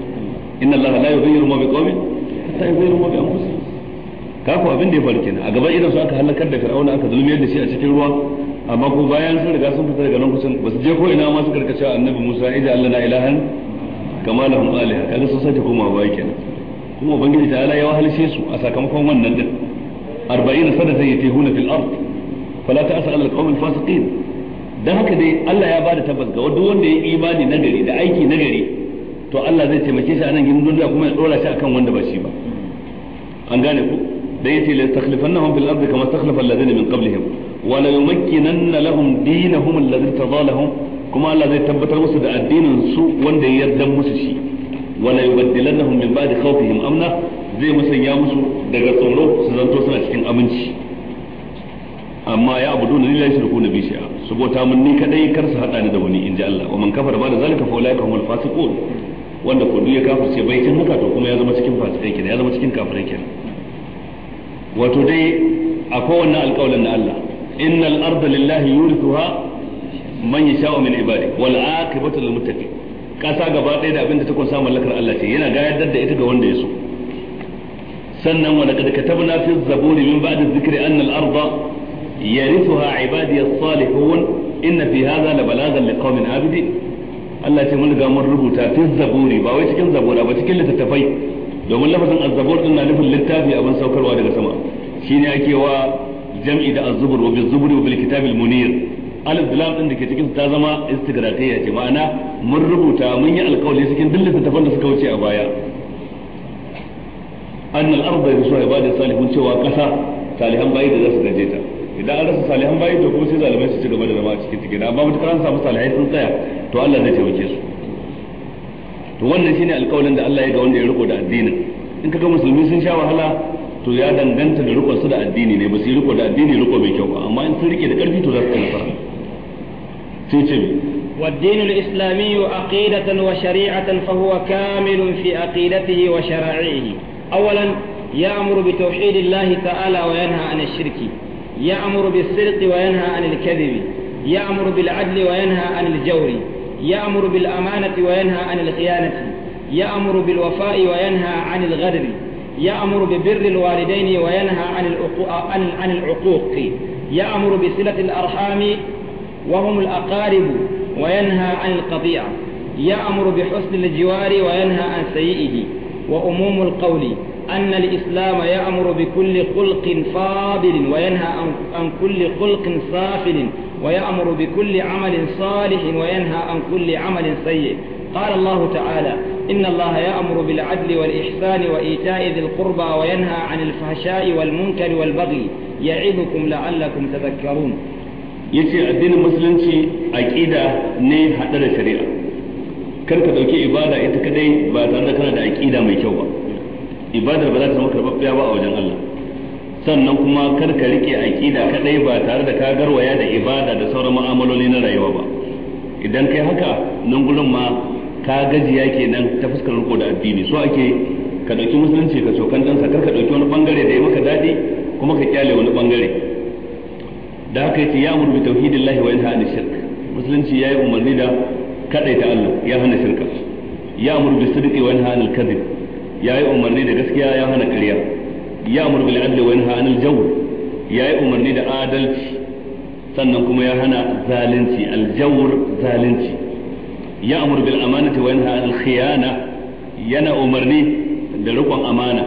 inna allaha la yughayyiru ma biqawmin hatta yughayyiru ma bi anfusihim ku abin da ya faru kenan a gaban idan su aka halakar da fir'auna aka zulmiyar da shi a cikin ruwa amma ko bayan sun riga sun fita daga nan kusan ba su je ko ina ma su a annabi Musa idan Allah na ilahan kama lahum aliha kaga sun sake komawa baya kenan kuma ubangiji ta'ala ya wahalshe su a sakamakon wannan din 40 sana zai yi tehuna fil ard fala ta'sal al qawm al fasiqin dan haka dai Allah ya bada tabbas ga duk wanda ya imani nagari da aiki nagari to Allah zai taimake shi anan gidan duniya kuma ya dora shi akan wanda ba shi ba an gane ku da yace la takhlifannahum fil ardi kama takhlafa alladhina min qablihim wa la yumakkinanna lahum dinahum alladhi tadalahum kuma Allah zai tabbatar musu da addinin su wanda ya yarda musu shi wa la yubaddilannahum min ba'di khawfihim amna zai musanya musu daga tsoro su zanto suna cikin aminci amma ya abudu na lillahi shirku na bishiya su bota mun ni kadai kar su hada ni da wani inji Allah wa man kafara ba da zalika fa ulaika humul fasiqun wanda ko duk ya kafirce bai cin haka to kuma ya zama cikin fasikai kenan ya zama cikin kafirai kenan wato dai akwai wannan alƙawalin na Allah innal arda lillahi yurithuha man yasha'u min ibadi wal aqibatu lil muttaqin kasa gaba ɗaya da abinda da samun lakar Allah ce yana gayar da ita ga wanda ya so sannan wa laqad katabna fi zaburi min ba'da dhikri anna al arda yarithuha ibadi as-salihun inna fi hadha la balagan liqaumin abidin Allah ce mun riga mun rubuta fi zaburi ba wai cikin zabura ba cikin littattafai domin lafazin az-zabur na nufin littafi abin saukarwa daga sama shine ake wa jam'i da az-zubur wa biz-zubur wa bil-kitabil munir alif lam din dake cikin ta zama istigratiyya ce ma'ana mun rubuta mun yi alƙawari cikin duk littattafan da suka wuce a baya annal arda yasuha cewa kasa salihan bayi da za su gaje ta idan an rasa salihan bayi to kuma sai zalimai su ci gaba da zama a cikin cikin amma mutakar an samu salihai sun tsaya to Allah zai taimake su to wannan shine alƙawarin da Allah ya ga wanda ya riko da addinin in ka ga musulmi sun sha wahala to ya danganta da riko su da addini ne ba su riko da addini riko mai kyau ba amma in sun rike da ƙarfi to za su fara sai ce والدين الإسلامي عقيدة وشريعة فهو كامل في عقيدته وشرائعه أولا يأمر بتوحيد الله تعالى وينهى عن الشرك يأمر بالصدق وينهى عن الكذب يأمر بالعدل وينهى عن الجور يأمر بالأمانة وينهى عن الخيانة يأمر بالوفاء وينهى عن الغدر يأمر ببر الوالدين وينهى عن العقوق يأمر بصلة الأرحام وهم الأقارب وينهى عن القطيعة يأمر بحسن الجوار وينهى عن سيئه وأموم القول أن الإسلام يأمر بكل خلق فاضل وينهى عن كل خلق سافل ويأمر بكل عمل صالح وينهى عن كل عمل سيء قال الله تعالى إن الله يأمر بالعدل والإحسان وإيتاء ذي القربى وينهى عن الفحشاء والمنكر والبغي يعظكم لعلكم تذكرون yace addinin musulunci aqida ne hada da shari'a kar ka dauki ibada ita kadai ba tare da kana da aqida mai kyau ba ibadar ba za ta zama karɓaɓɓiya ba a wajen Allah sannan kuma kar ka rike aƙida kadai ba tare da ka garwaya da ibada da sauran mu'amaloli na rayuwa ba idan kai haka nan gurin ma ka gajiya kenan ta fuskar riko da addini so ake ka dauki musulunci ka cokan dan kar ka dauki wani bangare da ya maka dadi kuma ka kyale wani bangare da haka yace ya amuru bi tauhidillahi wa yanha anil shirk musulunci yayi umarni da kadaita Allah ya hana shirka ya amuru bi sidqi wa yanha anil kadhib yayi umarni da gaskiya ya hana ƙarya ya amur bil adli wa yanha anil jawr yayi umarni da adalci sannan kuma ya hana zalunci al jawr zalunci ya amur bil amanati wa yanha anil khiyana yana umarni da rikon amana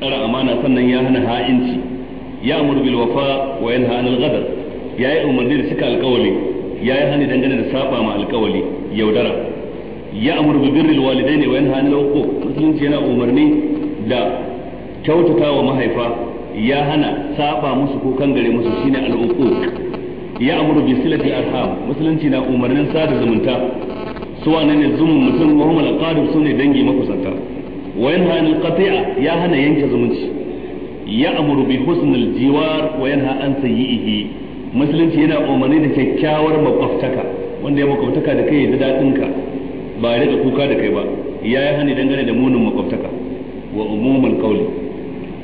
tsara amana sannan ya hana ha'inci ya amur bil wafa wa yanha anil ya yi umarni da cika alƙawali yi hani dangane da saba ma alƙawali yaudara ya'muru bi birril walidaini wa yanha 'anil uquq musulunci yana umarni da kyautata wa mahaifa ya hana saba musu ko kan kangare musu shine al ya ya'muru bi silati arham musulunci na umarnin sada zumunta su wane ne zumun mutum wa hum al aqarib sune dangi makusanta wa yanha qati'a ya hana yanke zumunci ya'muru bi husnil jiwar wa'yan yanha an sayyi'ihi musulunci yana umarni da kyakkyawar makwabtaka wanda ya makwabtaka da kai da daɗin ka ba a rika kuka da kai ba ya yi hani dangane da munin makwabtaka wa umumin kauli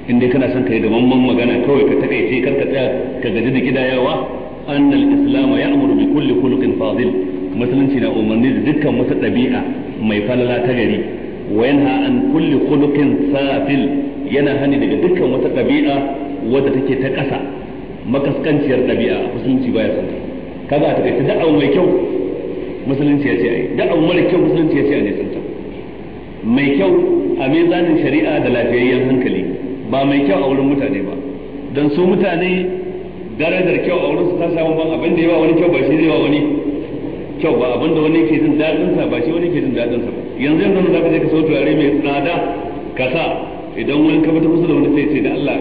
inda kana son ka yi da mamman magana kawai ka takaice kar ka tsaya ka gaji da gidayawa annal islama ya amuru bi kulli kulukin fazil musulunci na umarni da dukkan wata ɗabi'a mai falala ta gari wa yanha an kulli kulukin safil yana hani daga dukkan wata ɗabi'a wadda take ta ƙasa makaskanciyar ɗabi'a musulunci baya son kaga a takaice da'awa mai kyau musulunci ya ce a yi duk abu mara kyau musulunci ya ce a nisanta mai kyau a mezanin shari'a da lafiyayyen hankali ba mai kyau a wurin mutane ba don su mutane darajar kyau a wurin su ta samu ban abin da yawa wani kyau ba shi zai wa wani kyau ba abin da wani ke jin daɗin sa ba shi wani ke jin daɗin sa ba yanzu yanzu za ka je ka so turare mai tsada ka sa idan wani ka fita kusa da wani sai ce da Allah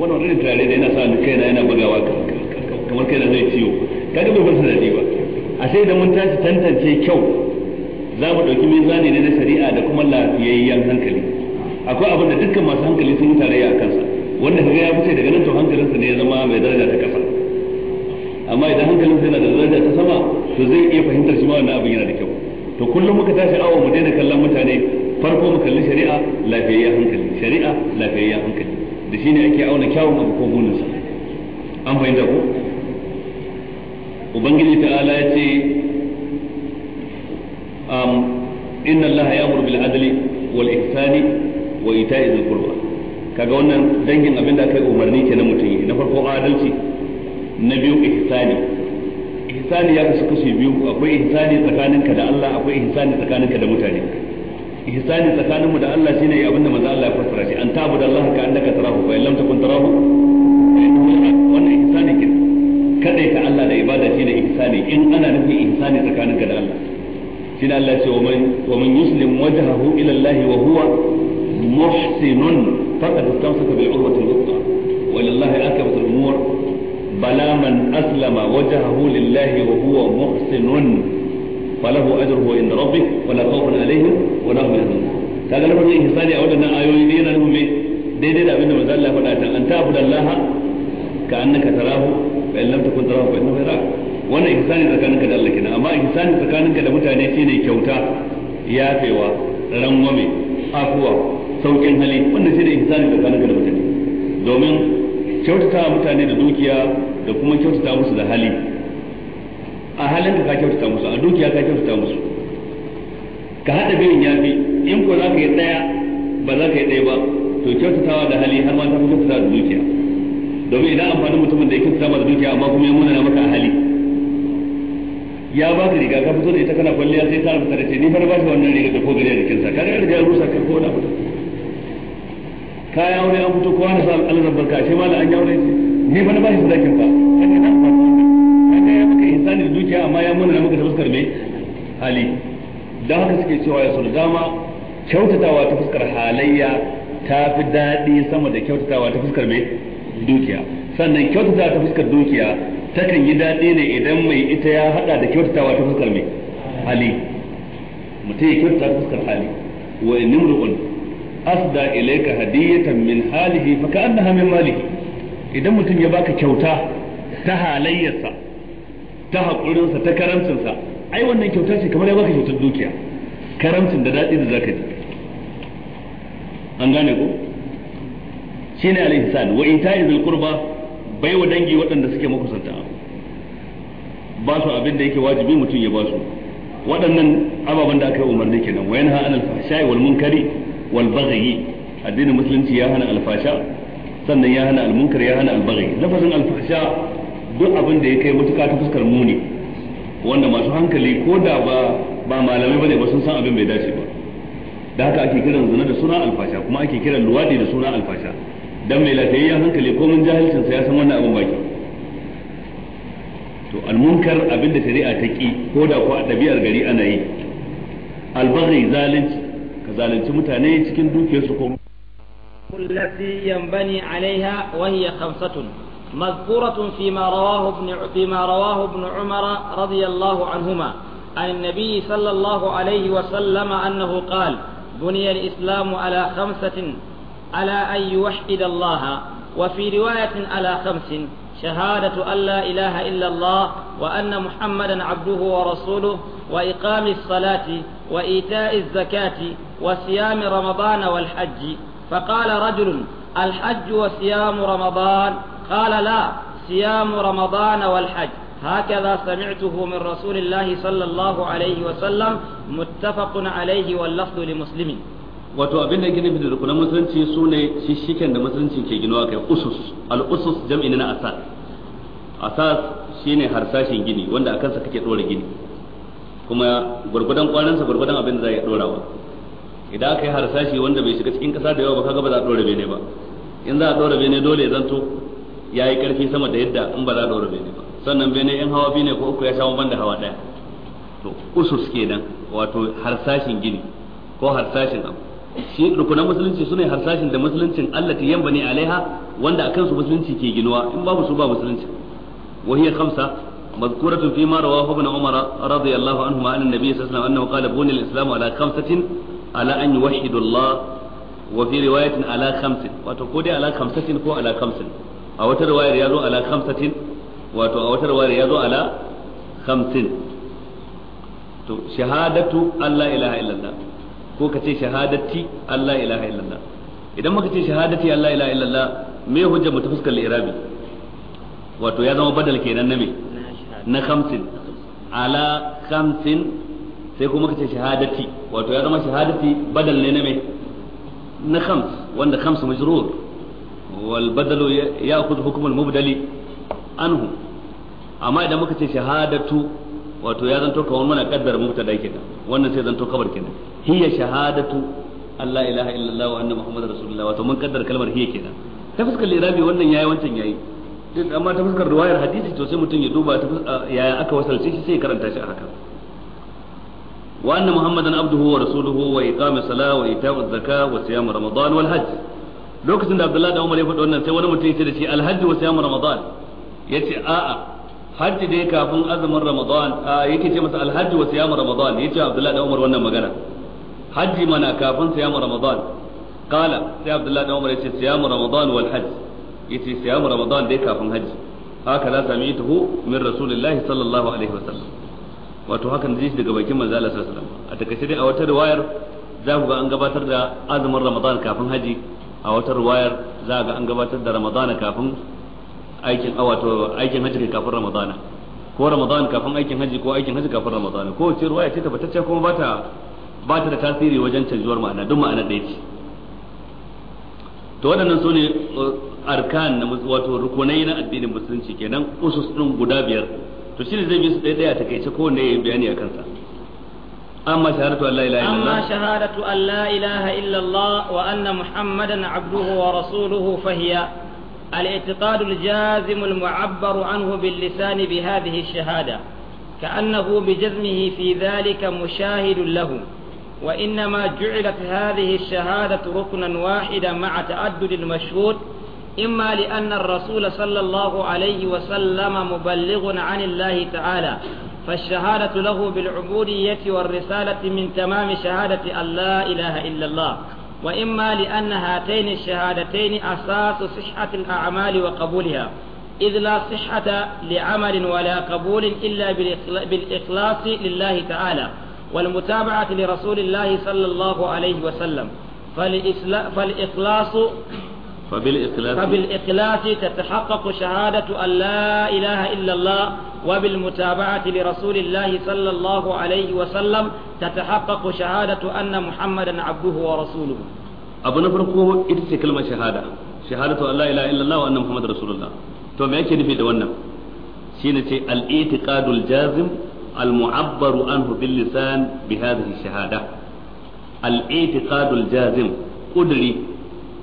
wani wani turare da yana sa ni kaina yana bugawa kamar kaina zai ciwo kaga bai bar da daɗi ba a sai da mun tashi tantance kyau za mu ɗauki mizani ne na shari'a da kuma lafiyayyen hankali akwai abin da dukkan masu hankali sun yi tarayya a kansa wanda kaga ya fice daga nan to hankalinsa ne ya zama mai daraja ta kasa amma idan hankalinsa yana da daraja ta sama to zai iya fahimtar shi ma wannan abin yana da kyau to kullum muka tashi awa mu daina kallon mutane farko mu kalli shari'a lafiyayyen hankali shari'a lafiyayyen hankali da shine ake auna kyawun abu ko munin an fahimta ko ubangiji ta'ala ya ce inna ya amur bil adli wal ihsani wa ita'i dhil qurba kaga wannan dangin abin da kai umarni kenan mutum yi na farko adalci na biyu ihsani ihsani ya kasu kashi biyu akwai ihsani tsakaninka da Allah akwai ihsani tsakaninka da mutane ihsani tsakaninmu da Allah shine abinda manzo Allah ya fassara shi an tabu da Allah ka annaka tarahu fa illam takun tarahu ihsani in ana nufin ihsani ka da Allah shi da Allah ya ce wa man yuslim wajhahu ila Allah wa huwa muhsinun faqad istamsaka bil urwati al-wuthqa wa lillahi akbar al-umur bala man aslama wajhahu lillahi wa huwa muhsinun falahu ajruhu inda rabbih wa la khawfun alayhim wa la hum yahzanun kaga lafazin ihsani a wadannan ayoyi ne yana nufin me daidai da abinda manzo Allah ya faɗa ta an da Allah ka annaka tarahu fa in lam takun tarahu fa innahu yaraka wannan ihsani tsakaninka da Allah kenan amma ihsani tsakaninka da mutane shine kyauta yafewa ranwame afuwa saukin hali wannan shine ihsani tsakaninka da mutane domin kyautata mutane da dukiya da kuma kyautata musu da hali a halin ka kyautata musu a dukiya ka kyautata musu ka hada biyun yafi in ko za ka yi daya ba za ka yi daya ba to kyautatawa da hali har ma ta kyautata da dukiya domin idan amfanin mutumin da ya kyautata ma da dukiya amma kuma ya na maka a hali ya ba ka riga ka fito da ita kana kwalliya sai ta rubuta da ce ni fa ba shi wannan riga da ko gari a jikinsa ka riga da ya rusa kai ko da fito kaya aure an fito ko wani sa alƙalar barka shi ma da an yaure ce ni fa ba shi sadakin fa kaga na ba kaga ya maka insani da dukiya amma ya muna maka da fuskar mai hali dan haka suke cewa ya sun dama kyautatawa ta fuskar halayya ta fi daɗi sama da kyautatawa ta fuskar mai dukiya sannan kyautata ta fuskar dukiya takan yi daɗi ne idan mai ita ya haɗa da kyautatawa ta fuskar mai hali mutum ya kyautata ta fuskar hali wa in nimru'un asda ilayka hadiyatan min halihi fa ka'annaha min malihi idan mutum ya baka kyauta ta halayyarsa ta haƙurinsa ta karamcinsa ai wannan kyauta ce kamar ya baka kyautar dukiya karamcin da daɗi da zaka ji an gane ko shine alaihi ihsan wa ita'i dhil qurba bai wa dangi waɗanda suke makusanta ba su abin da yake wajibi mutum ya ba su waɗannan ababen da aka yi umarni kenan wayan yanha anil fahsha'i wal munkari wal baghi addinin musulunci ya hana alfasha sannan ya hana almunkar ya hana albaghi lafazin alfasha duk abin da ya kai mutuka ta fuskar muni wanda masu hankali ko da ba ba malamai bane ba sun san abin bai dace ba da haka ake kiran zina da suna alfasha kuma ake kiran luwadi da suna alfasha dan mai lafiyayyen hankali ko mun jahilcin sa ya san wannan abin baki to almunkar abinda shari'a ta ki ko da ko a ɗabi'ar gari ana yi albaghi zalunci ka zalunci mutane cikin dukiyarsu ko kullati التي ينبني عليها وهي خمسة مذكورة فيما رواه ابن فيما رواه ابن عمر رضي الله عنهما عن النبي صلى الله عليه وسلم أنه قال بني الإسلام على خمسة على أن يوحد الله وفي رواية على خمس شهادة أن لا إله إلا الله وأن محمدا عبده ورسوله وإقام الصلاة وإيتاء الزكاة وصيام رمضان والحج فقال رجل الحج وصيام رمضان قال لا صيام رمضان والحج هكذا سمعته من رسول الله صلى الله عليه وسلم متفق عليه واللفظ لمسلم wato abin da nufi da rukunan musulunci su ne shishiken da musulunci ke ginawa kai usus al usus jam'i na asal asas shine harsashin gini wanda a kansa kake dora gini kuma kwanan sa gurgudan abin da za a iya wa idan aka yi harsashi wanda bai shiga cikin kasa da yawa ba kaga ba za a dora bene ba in za a dora bene dole ya zanto ya yi karfi sama da yadda in ba za a dora bene ba sannan bene in hawa biyu ne ko uku ya sha banda hawa daya to usus kenan wato harsashin gini ko harsashin abu shi rukunan musulunci sune harsashin da musuluncin allah yamba ne alaiha wanda akan su musulunci ke ginuwa in babu su ba musulunci وهي خمسة مذكورة فيما رواه ابن عمر رضي الله عنهما عن النبي صلى الله عليه وسلم أنه قال بني الإسلام على خمسة على أن يوحدوا الله وفي رواية على خمس وتقول على خمسة كو على خمس أو رواية يزو على خمسة أو رواية يزو على خمسين to shahadatu Allah ilaha illallah ko ka ce shahadati Allah ilaha illallah idan muka ce shahadati Allah ilaha illallah me hujja mu ta fuskar irabi wato ya zama badal kenan na me na khamsin ala khamsin sai kuma kace shahadati wato ya zama shahadati badal ne na me na khams wanda khams majrur wal badalu ya'khudhu hukm al mubdali anhu amma idan muka ce shahadatu wato ya zanto kawai mana kaddar mubtada kenan wannan sai zanto kabar kenan hiya shahadatu Allah ilaha illallah wa anna muhammadar rasulullah wato mun kaddar kalmar hiya kenan ta fuskar lirabi wannan yayi wancan yayi duk amma ta fuskar riwayar hadisi to sai mutum ya duba ta yaya aka wasalce shi sai ya karanta shi a haka wa anna muhammadan abduhu wa rasuluhu wa iqamis salah wa ita'uz zakah wa siyam ramadan wal hajj lokacin da abdullahi da umar ya faɗi wannan sai wani mutum ya ce da shi alhajj wa siyam ramadan yace a'a hajji dai kafin azumin ramadan a yake ce masa alhajj wa siyam ramadan yace abdullahi da umar wannan magana hajji mana kafin siyam ramadan qala sai abdullahi da umar yace siyam ramadan wal hajj yace siyamu ramadan dai kafin haji haka za sami tuhu min rasulullahi sallallahu alaihi wasallam wato haka hakan zai daga bakin manzo Allah sallallahu alaihi wasallam a takaice dai a wata riwayar za ku ga an gabatar da azumin ramadan kafin haji a wata riwayar za ga an gabatar da ramadan kafin aikin awato aikin haji kafin ramadan ko ramadan kafin aikin haji ko aikin haji kafin ramadan ko ce riwaya ce tabbatacce kuma bata bata da tasiri wajen canjuwar ma'ana duk ma'ana ɗaya ce to waɗannan su ne uh, arkan na wato rukunai na addinin musulunci kenan usus ɗin guda biyar to shi ne zai bi su ɗaya ɗaya takaice kowanne ya bayani a kansa أما شهادة أن لا إله إلا الله أما شهادة أن لا إله إلا الله وأن محمدا عبده ورسوله فهي الاعتقاد الجازم المعبر عنه باللسان بهذه الشهادة كأنه بجزمه في ذلك مشاهد له وإنما جعلت هذه الشهادة ركنا واحدا مع تعدد المشهود إما لأن الرسول صلى الله عليه وسلم مبلغ عن الله تعالى فالشهادة له بالعبودية والرسالة من تمام شهادة أن لا إله إلا الله وإما لأن هاتين الشهادتين أساس صحة الأعمال وقبولها إذ لا صحة لعمل ولا قبول إلا بالإخلاص لله تعالى والمتابعة لرسول الله صلى الله عليه وسلم فالإخلاص فبالإخلاص, فبالإخلاص تتحقق شهادة أن لا إله إلا الله وبالمتابعة لرسول الله صلى الله عليه وسلم تتحقق شهادة أن محمدا عبده ورسوله أبو na farko ita شهادة شهادة أن لا إله إلا الله وأن محمد رسول الله تو ما yake nufi شيء الإعتقاد الجازم المعبر عنه باللسان بهذه الشهادة الاعتقاد الجازم قدري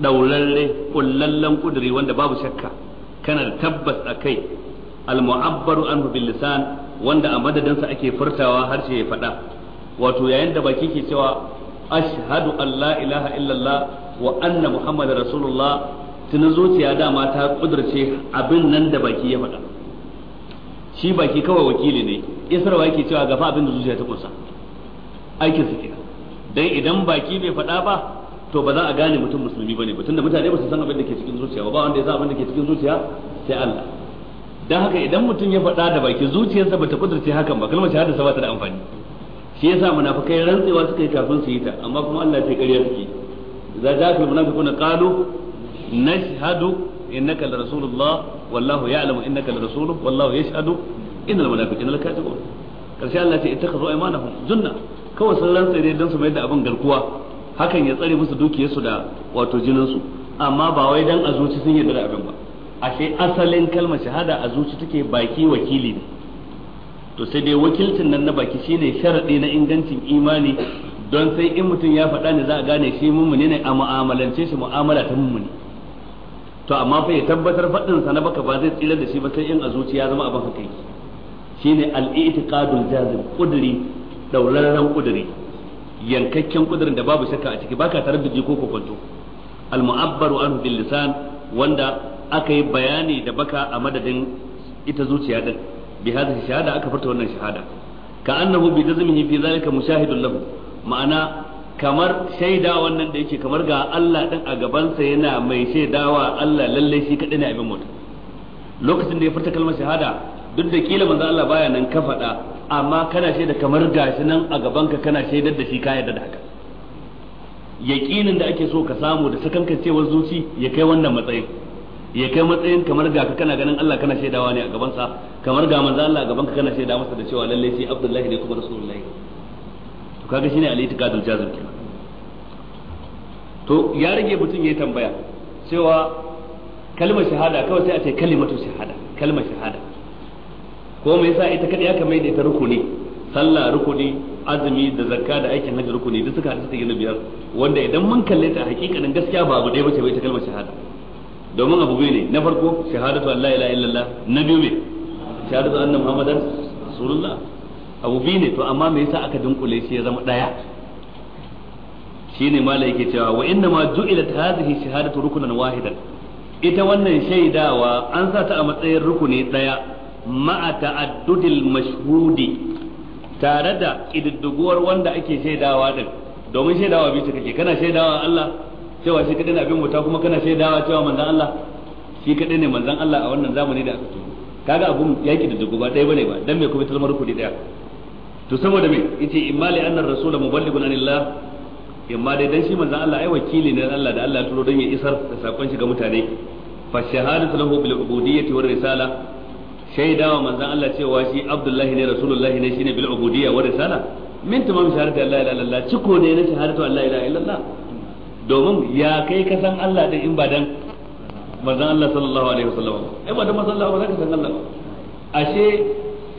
دولالي قللن قدري وان باب شكا كان تبس أكي المعبر عنه باللسان وان أمددن سأكي فرتاوا هرشي فدا wato yayin da baki ke cewa ashhadu an la ilaha illallah wa anna muhammadar rasulullah tunan zuciya dama ta kudurce abin nan da baki ya faɗa shi baki kawai wakili ne isarwa yake cewa gafa abin da zuciya ta kusa aikin su kenan dan idan baki bai faɗa ba to ba za a gane mutum musulmi bane ba tunda mutane ba su san abin da ke cikin zuciya ba wanda ya san abin da ke cikin zuciya sai Allah dan haka idan mutum ya faɗa da baki zuciyarsa bata kudurce hakan ba kalmar shahada sa ba ta da amfani shi yasa munafikai rantsewa suka yi kafin su yi ta amma kuma Allah ya ce ƙarya suke za ta fi munafiquna qalu nashhadu إنك لرسول الله والله يعلم إنك la rasuluh يشهد إن innal munafiqina lakazibun karshe Allah ya ce ittakhadhu aymanahum junna kawai sun rantsa dai dan su mai da abin garkuwa hakan ya tsare musu dukiyarsu da wato jinin su amma ba wai dan a zuci sun yarda da abin ba ashe asalin kalma shahada a zuci take baki wakili ne to dai wakilcin nan na baki shine sharadi na ingancin imani don sai in mutum ya faɗa ne za a gane shi mummuni ne a mu'amalance shi mu'amala ta mummuni to amma fa ya tabbatar faɗin sa na baka ba zai tsira da shi ba sai in a zuciya zama abin haka yake shine al-i'tiqadul jazim qudri daurarren qudri yankakken kudirin da babu shakka a ciki baka taraddudi ko kokonto al mu'abbaru an bil lisan wanda aka yi bayani da baka a madadin ita zuciya din bi hadhihi shahada aka furta wannan shahada ka annahu bi jazmihi fi zalika mushahidun lahu ma'ana kamar shaida wannan da yake kamar ga Allah din a gabansa yana mai shaidawa Allah lalle shi kadai ne abin mutum lokacin da ya furta kalmar shahada duk da kila manzo Allah baya nan ka faɗa amma kana shaida kamar gashi nan a gabanka kana shaidar da shi ka yarda da haka yaqinin da ake so ka samu da sakankancewar zuci ya kai wannan matsayin ya kai matsayin kamar ga ka kana ganin Allah kana shaidawa ne a gabansa kamar ga manzo Allah a gabanka kana shaida masa da cewa lalle shi Abdullahi ne kuma Rasulullahi kaga shine al-i'tiqadul jazm kenan to ya rage mutum yayi tambaya cewa kalmar shahada kawai sai a ce kalimatu shahada kalmar shahada ko me yasa ita kadai aka mai da ita rukuni sallah rukuni azumi da zakka da aikin hajji rukuni duk suka hadisi na biyar wanda idan mun kalle ta hakikanin gaskiya ba abu dai bace bai ta kalmar shahada domin abu biyu ne na farko shahadatu an la ilaha illallah na biyu me shahadatu anna muhammadan rasulullah abu biyu ne to amma me yasa aka dunkule shi ya zama daya shine malai yake cewa wa inna ma ju'ilat hadhihi shahadatu rukunan wahidan ita wannan shaidawa an sa ta a matsayin rukuni daya ma'a ta'addudil mashhudi tare da kididdiguwar wanda ake shaidawa din domin shaidawa bi ta kake kana shaidawa Allah cewa shi kadai ne abin wuta kuma kana shaidawa cewa manzon Allah shi kadai ne manzon Allah a wannan zamani da aka tuno kaga abun yaki da dugu ba ɗaya bane ba dan me kuma ta zama rukuni daya. to saboda me yace imma li anna rasul muballighun anillah imma dai dan shi manzon Allah ai wakili ne Allah da Allah ya turo dan ya isar da sakon shi ga mutane fa shahadatu lahu bil ubudiyyati war risala shaidawa manzon Allah cewa shi Abdullahi ne rasulullahi ne shine bil ubudiyya war risala min tamam shahadatu la ilaha illallah ciko ne na shahadatu la ilaha illallah domin ya kai ka san Allah da in ba dan manzon Allah sallallahu alaihi wasallam ai ba dan manzon Allah ba za ka san Allah ashe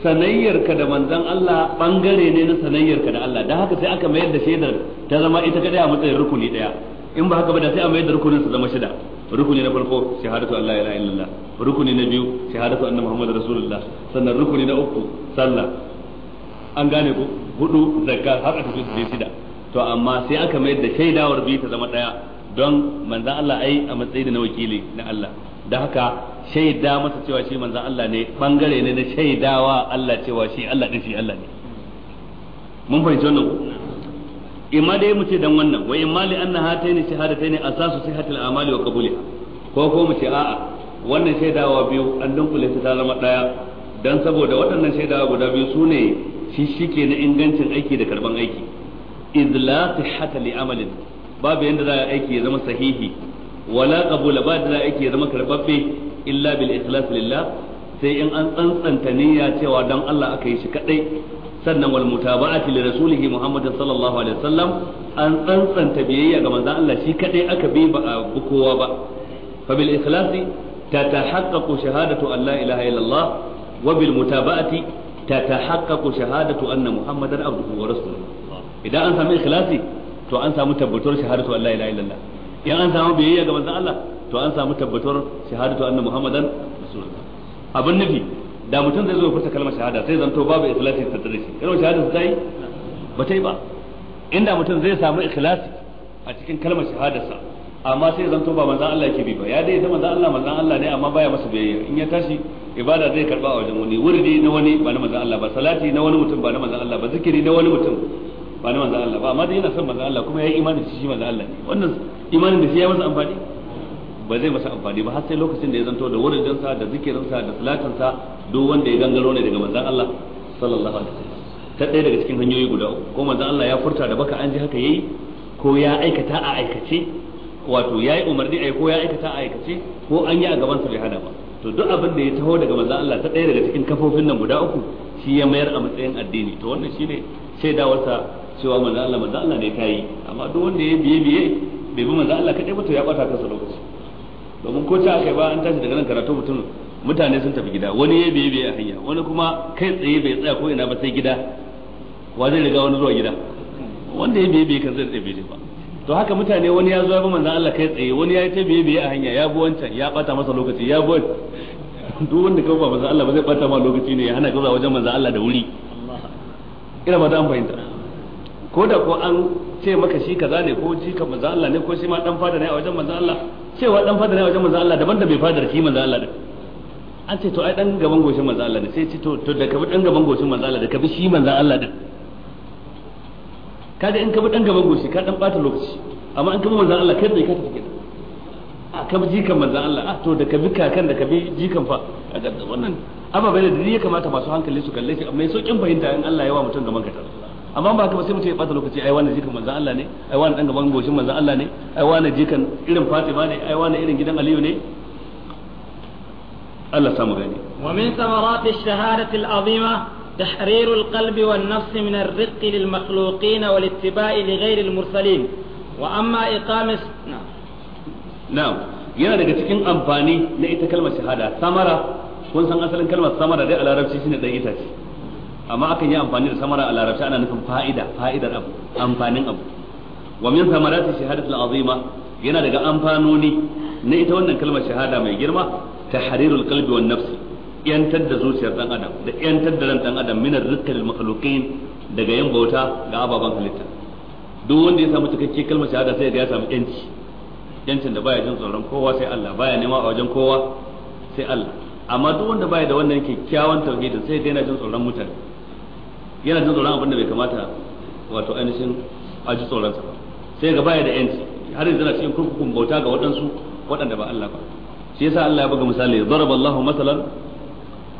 sanayyarka da manzon Allah bangare ne na sanayyarka da Allah da haka sai aka mayar da shaidar ta zama ita kadai a matsayin rukuni daya in ba haka ba da sai a mayar da rukunin su zama shida rukuni na farko shahadatu Allah ilaha illallah rukuni na biyu shahadatu anna muhammadar rasulullah sannan rukuni na uku sallah an gane ku hudu zakka har aka da shida to amma sai aka mayar da shaidawar biyu ta zama daya don manzon Allah ai a matsayin na wakili na Allah da haka shaida masa cewa shi manzan Allah ne bangare ne na shaidawa Allah cewa shi Allah ɗin shi Allah ne mun fahimci wannan ko imma dai mu ce dan wannan wa imma li anna hataini shahadataini asasu sihhatil amali wa qabuliha ko ko mu ce a'a wannan shaidawa biyu an dunkule su ta zama daya dan saboda waɗannan shaidawa guda biyu sune shi shike na ingancin aiki da karban aiki idla sihhata li amalin babu yanda za a aiki ya zama sahihi wala qabula ba da aiki ya zama karbabbe illa bil lillah sai in an tsantsanta niyya cewa dan Allah aka yi shi kadai sannan wal mutaba'ati li rasulihi Muhammad sallallahu alaihi wasallam an tsantsanta biyayya ga manzon Allah shi kadai aka bi ba a kowa ba fa bil ikhlasi tatahaqqaqu shahadatu an la ilaha illallah wa bil mutaba'ati tatahaqqaqu shahadatu anna Muhammadar abduhu wa rasuluhu idan an samu ikhlasi to an samu tabbatar shahadatu an la ilaha illallah in an samu biyayya ga manzon Allah to an samu tabbatar shahadatu anna muhammadan rasulullah abin nufi da mutum zai zo furta kalmar shahada sai zanto babu ikhlasi ta tare shi kalmar shahada ta yi ba ta yi ba inda mutum zai samu ikhlasi a cikin kalmar shahadarsa amma sai zanto ba manzon Allah yake bi ba ya dai ta manzon Allah manzon Allah ne amma baya masa biyayya in ya tashi ibada zai karba a wajen wani wurdi na wani ba na manzon Allah ba salati na wani mutum ba na manzon Allah ba zikiri na wani mutum ba na manzan Allah ba amma dai yana son manzan Allah kuma ya yi imanin shi manzan Allah ne wannan imanin da shi ya masa amfani ba zai masa amfani ba har sai lokacin da ya zanto da sa da sa da sa duk wanda ya gangaro ne daga manzan Allah sallallahu alaihi wasallam ta ɗaya daga cikin hanyoyi guda uku ko manzan Allah ya furta da baka an ji haka yayi ko ya aikata a aikace wato ya yi umarni a ko ya aikata a aikace ko an yi a gabansa bai hada ba to duk abin da ya taho daga manzan Allah ta ɗaya daga cikin kafofin nan guda uku shi ya mayar a matsayin addini to wannan shine shaidawarsa cewa manzo Allah manzo Allah ne yi amma duk wanda ya biye biye bai bi manzo Allah kadai ba to ya bata kansa lokaci domin ko ta kai ba an tashi daga nan karatu mutum mutane sun tafi gida wani ya biye biye a hanya wani kuma kai tsaye bai tsaya ko ina ba sai gida wa zai riga wani zuwa gida wanda ya biye biye kan zai tsaye biye ba to haka mutane wani ya zo ya bi manzo Allah kai tsaye wani ya ta biye biye a hanya ya bi wancan ya bata masa lokaci ya bi duk wanda ka ba manzo Allah ba zai bata ma lokaci ne ya hana gaza wajen manzo Allah da wuri ina ba ta an fahimta ko da ko an ce maka shi kaza ne ko shi ka manzo Allah ne ko shi ma dan fada ne a wajen manzo Allah cewa dan fada ne a wajen manzo Allah daban da bai fadar shi manzo Allah din an ce to ai dan gaban goshin manzo Allah ne sai ce to to da ka bi dan gaban goshin manzo Allah da ka bi shi manzo Allah din kada in ka bi dan gaban goshi ka dan bata lokaci amma in ka bi manzo Allah kai ne ka tafi a ka bi jikan manzo Allah a to da ka bi kakan da ka bi jikan fa A wannan ababai da ya kamata masu hankali su kalle shi mai sokin fahimta in Allah ya wa mutum gaban ka amma ba haka ba sai mutum ya bata lokaci ai wannan jikan manzon Allah ne ai wannan dan gaban goshin manzon Allah ne ai wannan jikan irin Fatima ne ai wannan irin gidan Aliyu ne Allah samu gani wa min thamarati ash-shahadati al-azima تحرير القلب والنفس من الرق للمخلوقين والاتباع لغير المرسلين وأما إقامة نعم نعم yana daga cikin amfani na ita kalmar shahada samara kun san asalin kalmar samara dai a larabci shine dan itace amma akan yi amfani da samara a larabci ana nufin fa'ida fa'idar abu amfanin abu wa min thamarati shahadatul al'azima yana daga amfanoni na ita wannan kalmar shahada mai girma tahrirul qalbi wan nafsi yantar da zuciyar dan adam da yantar da ran dan adam min ar-rizqil makhluqin daga yin bauta ga ababen halitta duk wanda ya samu cikakke kalmar shahada sai ya samu yanci yancin da baya jin tsoron kowa sai Allah baya nema a wajen kowa sai Allah amma duk wanda baya da wannan kyakkyawan tauhidin sai dai yana jin tsoron mutane yana jin tsoron abin da bai kamata wato ainihin a ji tsoron ba sai ga baya da yanci har yanzu na cikin kurkukun bauta ga waɗansu waɗanda ba Allah ba shi yasa Allah ya buga misali daraba Allah masalan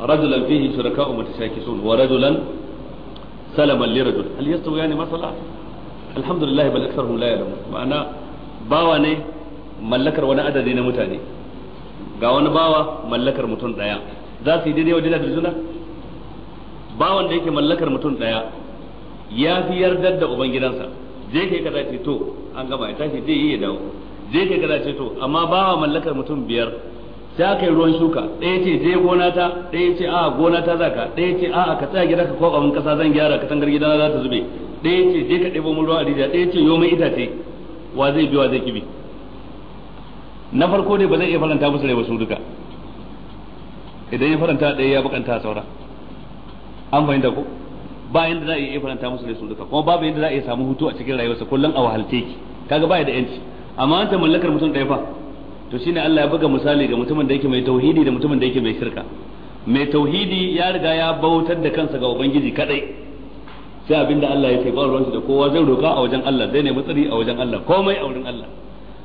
rajulan fihi shuraka'u mutashakisun wa rajulan salaman li rajul hal yastawiyani masala alhamdulillah bal aktharuhum la ya'lamun ma'ana bawa ne mallakar wani adadi na mutane ga wani bawa mallakar mutum daya za su yi daidai wajen da juna bawan da yake mallakar mutum daya ya fi yardar da uban gidansa je kai kaza ce to an gama ya tashi zai yi ya dawo je kai kaza ce to amma bawa mallakar mutum biyar sai aka yi ruwan shuka ɗaya ce je gona ta ɗaya ce a gona ta za ka ɗaya ce a ka tsaya gida ka ko abin kasa zan gyara katangar gidana za ta zube ɗaya ce je ka ɗebo mun ruwa a rijiya ɗaya ce yo mai itace wa zai biya zai kibi na farko dai ba zai iya faranta musu rai ba su duka idan ya faranta ɗaya ya bukanta saura an fahimta ko ba yanda za a iya faranta musu da su duka kuma babu yanda za a iya samu hutu a cikin rayuwarsa kullum a wahalce ki kaga ba da yanci amma an ta mallakar mutum ɗaya fa to shine Allah ya buga misali ga mutumin da yake mai tauhidi da mutumin da yake mai shirka mai tauhidi ya riga ya bautar da kansa ga ubangiji kadai sai abinda Allah ya ce ba ruwan da kowa zai roka a wajen Allah zai nemi tsari a wajen Allah komai a wurin Allah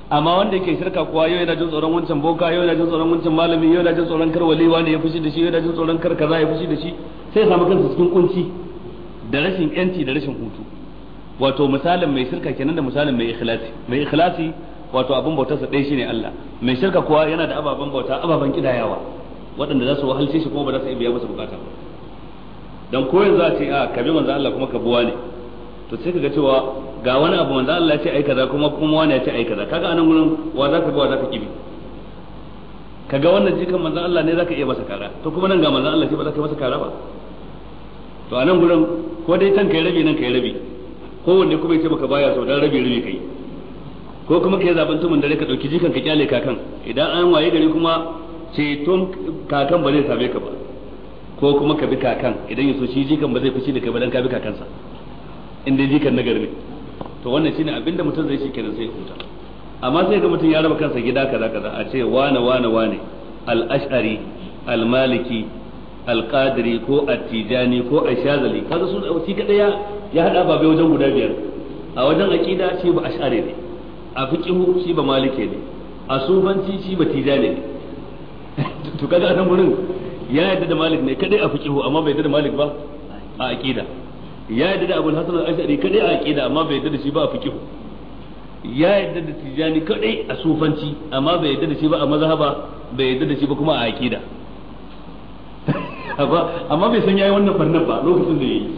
amma wanda yake shirka kuwa yau yana jin tsoron wancan boka yau yana jin tsoron wancan malami yau yana jin tsoron kar waliwa ne ya fushi da shi yau yana jin tsoron kar kaza ya fushi da shi sai ya samu kansa cikin kunci da rashin yanci da rashin hutu wato misalin mai shirka kenan da misalin mai ikhlasi mai ikhlasi wato abin bautarsa ɗaya shine Allah mai shirka kuwa yana da ababen bauta ababen kidayawa waɗanda za su wahalce shi kuma ba za su biya masa bukata ba dan koyon za a ce a ah, kabi manzo Allah kuma ka buwa ne to sai kaga cewa ga wani abu wanda Allah ya ce ai kaza kuma kuma wani ya ce ai kaza kaga anan gurin wa zaka ga wa zaka kibi kaga wannan jikan manzo Allah ne zaka iya masa kara to kuma nan ga manzo Allah ce ba ka masa kara ba to anan gurin ko dai can kai rabi nan kai rabi ko wanda kuma ya ce baka baya so dan rabi rabi kai ko kuma kai zaben tumun dare ka dauki jikan ka kyale kakan idan an waye gari kuma ceton kakan ba zai same ka ba ko kuma ka bi kakan idan yaso shi jikan ba zai fushi da kai ba dan ka bi kakansa inda jikan nagari ne to wannan shine abinda mutum zai shi kenan sai huta amma sai ga mutum ya raba kansa gida kaza kaza a ce wane wane wane al-ash'ari al-maliki al-qadiri ko at-tijani ko al shazali kaza su shi kada ya ya hada bai wajen guda biyar a wajen aqida shi ba ash'ari ne a fiqhu shi ba maliki ne a sufanci shi ba tijani ne to kaga a nan gurin ya yadda da malik ne kadai a fiqhu amma bai yadda da malik ba a aqida ya yadda da abul hasan al-ash'ari kadai a aqida amma bai yadda da shi ba a fiqh ya yadda da tijani kadai a sufanci amma bai yadda da shi ba a mazhaba bai yadda da shi ba kuma a aqida amma bai san yayi wannan barnan ba lokacin da yayi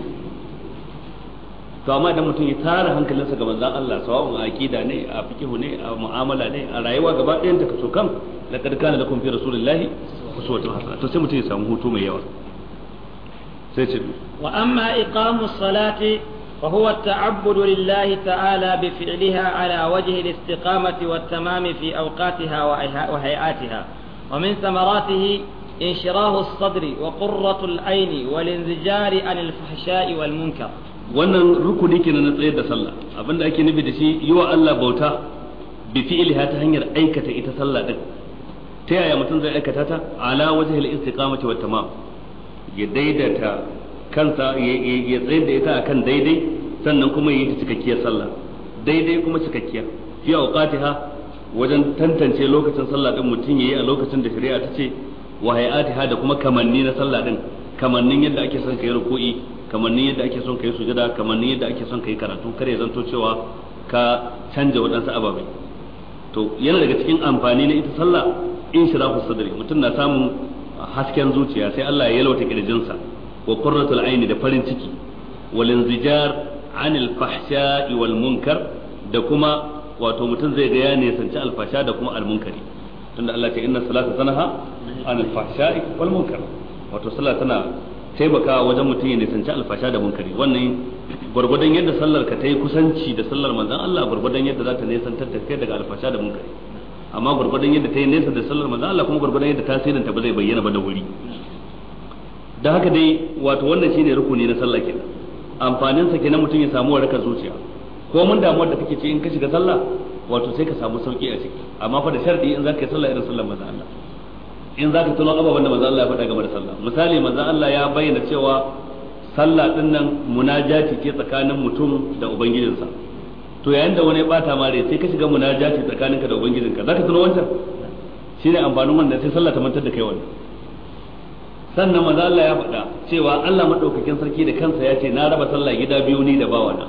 to amma idan mutum ya tara hankalinsa ga manzon Allah sawa'un a aqida ne a fiqh ne a mu'amala ne a rayuwa gaba ɗayan ta kaso kan laqad kana lakum fi rasulillahi uswatun hasana to sai mutum ya samu hutu mai yawa وأما إقام الصلاة فهو التعبد لله تعالى بفعلها على وجه الاستقامة والتمام في أوقاتها وهيئاتها ومن ثمراته انشراه الصدر وقرة العين والانزجار عن الفحشاء والمنكر wannan rukuni kenan na tsayar da sallah abinda ake nufi da shi yi wa Allah bauta bi fi'liha ta hanyar aikata ita sallah din ta yaya mutum zai aikata ta ala wajhil istiqamati wat tamam ya daidata kansa ya tsayar da ita akan daidai sannan kuma yi ta cikakkiyar sallah daidai kuma cikakkiya fi awqatiha wajen tantance lokacin sallah din mutum yayi a lokacin da shari'a ta ce wa hayatiha da kuma kamanni na sallah din kamannin yadda ake son kai ruku'i kamannin yadda ake son kai sujada kamannin yadda ake son kai karatu kare zanto cewa ka canja waɗansu ababai to yana daga cikin amfani na ita sallah in shirafu sadri mutum na samun hasken zuciya sai Allah ya yalwata kirjinsa wa qurratul aini da farin ciki wal inzijar anil fahsha'i wal munkar da kuma wato mutum zai ga ya al alfasha da kuma almunkari tunda Allah ce inna salata sanaha anil fahsha'i wal munkar wato sallah tana taimakawa wajen mutum ya al alfasha da munkari wannan gurgudan yadda sallar ka ta yi kusanci da sallar manzon Allah gurgudan yadda za ta nisantar da kai daga alfasha da munkari amma gurgurdan yadda ta yi nesa da sallar manzo Allah kuma gurgurdan yadda tasirin ta ba zai bayyana ba da wuri da haka dai wato wannan shine rukuni na sallah kenan amfanin sa kenan mutum ya samu waraka zuciya ko mun damuwar da kake ci in ka shiga sallah wato sai ka samu sauki a ciki amma fa da sharadi in zaka yi sallah irin sallar manzo Allah in zaka tuno ababen da manzo Allah ya faɗa game da sallah misali manzo Allah ya bayyana cewa sallah dinnan munajati ke tsakanin mutum da ubangijinsa to yayin da wani ya bata ma rai sai ka shiga munajati tsakaninka da ubangijinka zaka tuno wancan shine amfanin wannan sai sallah ta mantar da kai wannan sannan maza Allah ya faɗa cewa Allah madaukakin sarki da kansa ya ce na raba sallah gida biyu ni da bawa na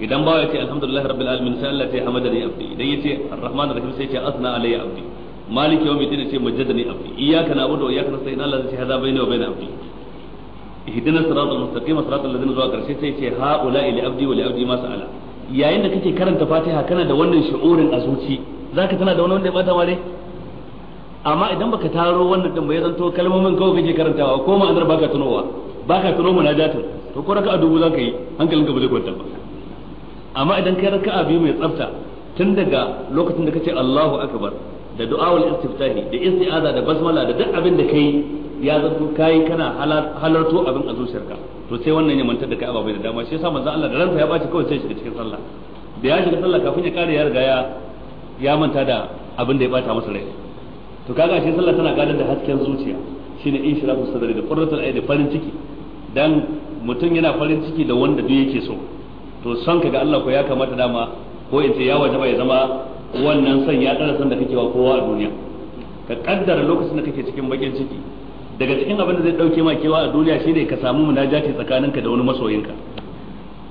idan bawa ya ce alhamdulillah rabbil alamin sai Allah ya hamdani abdi idan ya ce arrahmanir rahim sai ya ce asna alayya abdi malik yawmiddin ya ce majjadani abdi iyyaka na'budu wa iyyaka nasta'in Allah ya ce hadha bayni wa bayna abdi ihdina siratal mustaqim siratal ladzina zuwa karshe sai ya ce ha'ula'i li abdi wa li abdi ma yayin da kake karanta fatiha kana da wannan shi'urin a zuci zaka tana da wani wanda ya bata mare amma idan baka taro wannan din ya zanto kalmomin kawai kake karantawa ko ma'anar baka tunowa baka tuno munajatun to ko raka'a dubu zaka yi hankalinka ba zai kwanta ba amma idan kai raka'a biyu mai tsafta tun daga lokacin da kace Allahu akbar da wal istiftahi da isti'aza da basmala da duk abin da kai ya zato kai kana halarto abin a zuciyarka to sai wannan ya mantar da kai ababai da dama shi yasa manzo Allah da ransa ya baci kawai sai shiga cikin sallah da ya shiga sallah kafin ya kare ya riga ya ya manta da abin da ya bata masa rai to kaga shi sallah tana gadar da hasken zuciya shine inshirahu sadari da qurratul ayn farin ciki dan mutum yana farin ciki da wanda duk yake so to son ka ga Allah ko ya kamata dama ko in ce ya wajaba ya zama wannan son ya tsara san da kake wa kowa a duniya ka kaddara lokacin da kake cikin bakin ciki daga cikin abin da zai dauke ma kewa a duniya shine ka samu munajati tsakaninka da wani masoyinka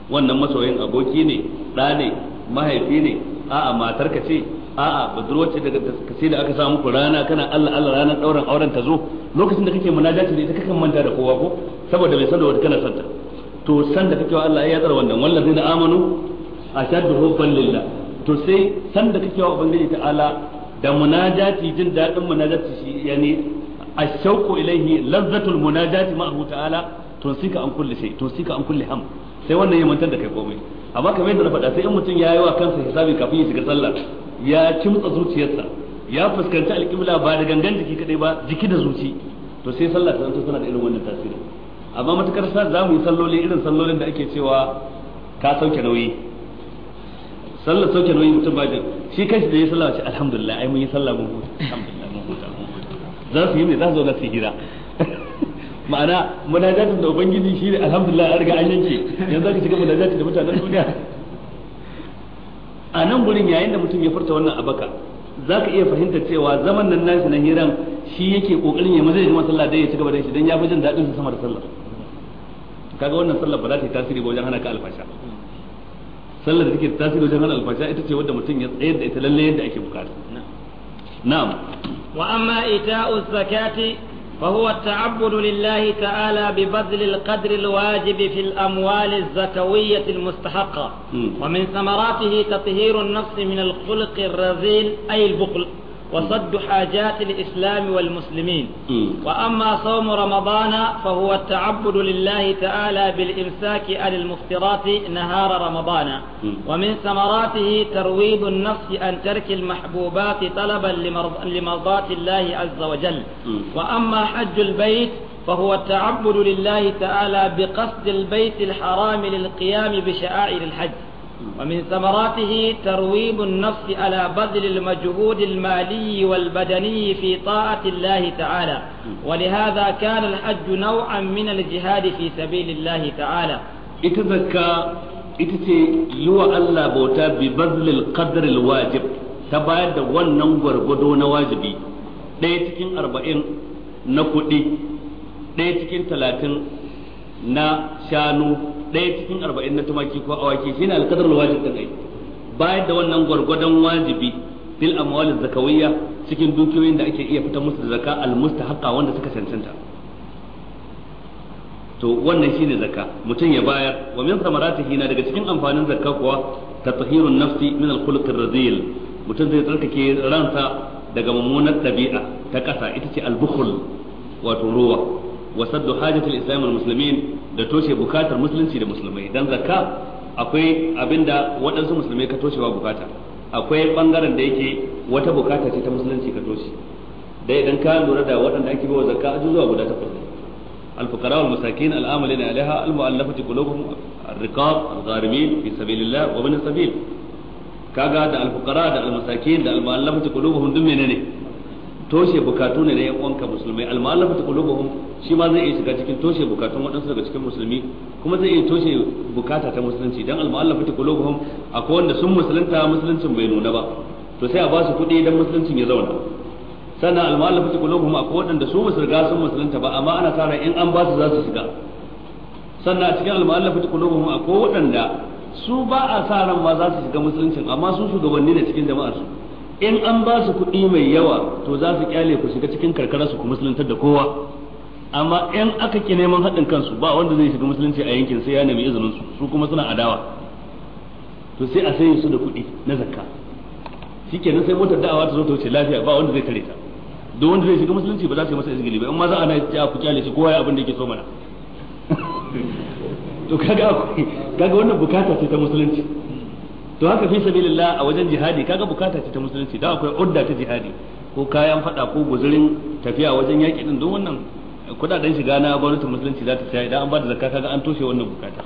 wannan masoyin aboki ne ɗa ne mahaifi ne a'a matar ka ce a'a budurwace daga sai da aka samu ku rana kana Allah Allah ranar dauran auren ta zo lokacin da kake munajati da ita kakan manta da kowa ko saboda bai san da wanda kana santa to san da kake wa Allah ya tsara wannan zai na amanu ashaddu hubban lillah to sai san da kake wa ubangiji ta'ala da munajati jin dadin munajati shi yani ashauqu ilaihi lazzatul munajati ma'ahu ta'ala sika an kulli shay sika an kulli ham sai wannan ya mantar da kai komai amma kamar yadda na faɗa sai in mutum ya yi wa kansa hisabi kafin ya shiga sallah ya kimtsa zuciyarsa ya fuskanci alƙibla ba da gangan jiki kadai ba jiki da zuci to sai sallah ta zanto tana da irin wannan tasiri amma matukar sa za mu yi salloli irin sallolin da ake cewa ka sauke nauyi sallar sauke nauyi mutum ba shi shi da ya sallah ce alhamdulillah ai mun yi sallah mun alhamdulillah za su yi mai za su zauna su hira ma'ana munajatun da ubangiji shi ne alhamdulillah an riga an yanke yanzu aka shiga munajatun da mutanen duniya a nan gurin yayin da mutum ya furta wannan abaka za ka iya fahimtar cewa zaman nan nashi na hiran shi yake kokarin ya mazai ya jima sallah dai ya ci gaba da shi dan ya fi jin daɗin sama da sallah kaga wannan sallah ba za ta yi tasiri ba wajen hana ka alfasha sallah da take tasiri wajen hana alfasha ita ce wadda mutum ya tsayar da ita lalle yadda ake bukata na'am وأما إيتاء الزكاة فهو التعبد لله تعالى ببذل القدر الواجب في الأموال الزكوية المستحقة ومن ثمراته تطهير النفس من الخلق الرذيل أي البخل وصد حاجات الإسلام والمسلمين وأما صوم رمضان فهو التعبد لله تعالى بالإمساك عن المفترات نهار رمضان ومن ثمراته ترويض النفس عن ترك المحبوبات طلبا لمرضاة الله عز وجل وأما حج البيت فهو التعبد لله تعالى بقصد البيت الحرام للقيام بشعائر الحج ومن ثمراته ترويب النفس على بذل المجهود المالي والبدني في طاعة الله تعالى ولهذا كان الحج نوعا من الجهاد في سبيل الله تعالى اتذكى اتتي يو الله بوتا ببذل القدر الواجب تبايد ونن غرغدو واجبي ديتكين أربعين arba'in ديتكين ثلاثين نا شانو ɗaya cikin arba'in na tumaki ko awaki shine alqadrul wajib din bayan da wannan gwargwadon wajibi fil amwal zakawiyya cikin dukiyoyin da ake iya fitar musu da zaka al mustahaqqa wanda suka cancanta to wannan shine zaka mutum ya bayar wa min samaratihi na daga cikin amfanin zakka kuwa tatahirun nafsi min al khuluq radil mutum zai tsarkake ransa daga mummunar dabi'a ta kasa ita ce al bukhl wato ruwa wa saddu hajatul islam al muslimin da toshe bukatar musulunci da musulmai dan zakka akwai abinda waɗansu musulmai ka toshewa bukata akwai ɓangaren da yake wata bukata ce ta musulunci ka toshe dai idan ka lura da waɗanda ake bawa zakka a zuwa guda takwas ne الفقراء والمساكين العاملين عليها المؤلفة قلوبهم الرقاب الغارمين في سبيل الله ومن السبيل كاغا دا الفقراء دا المساكين دا المؤلفة قلوبهم دم ne toshe bukatu ne na yan uwanka musulmai almu'allafatu qulubuhum shi ma zai iya shiga cikin toshe bukatun waɗansu daga cikin musulmi kuma zai iya toshe bukata ta musulunci dan almu'allafatu qulubuhum akwai wanda sun musulunta musuluncin bai nuna ba to sai a ba su kuɗi dan musuluncin ya zauna sannan almu'allafatu qulubuhum akwai wanda su ba su riga sun musulunta ba amma ana tsara in an ba su za su shiga sannan a cikin almu'allafatu qulubuhum akwai waɗanda su ba a sa ran ma za su shiga musuluncin amma su shugabanni ne cikin jama'ar su in an ba su kuɗi mai yawa to za su kyale ku shiga cikin karkara su ku musuluntar da kowa amma in aka ki neman haɗin kansu ba wanda zai shiga musulunci a yankin sai ya nemi izinin su su kuma suna adawa to sai a sayi su da kuɗi na zakka shikenan sai motar da'awa ta zo ta wuce lafiya ba wanda zai tare ta duk wanda zai shiga musulunci ba za su yi masa izgili ba in ma za a na ta ku kyale shi kowa ya abin da yake so mana to kaga kaga wannan bukata ce ta musulunci to haka fi sabilillah a wajen jihadi kaga bukata ce ta musulunci da akwai udda ta jihadi ko kayan fada ko guzurin tafiya wajen yaki din don wannan kudaden shiga na gwamnatin musulunci za ta tsaya idan an ba da zakka kaga an toshe wannan bukata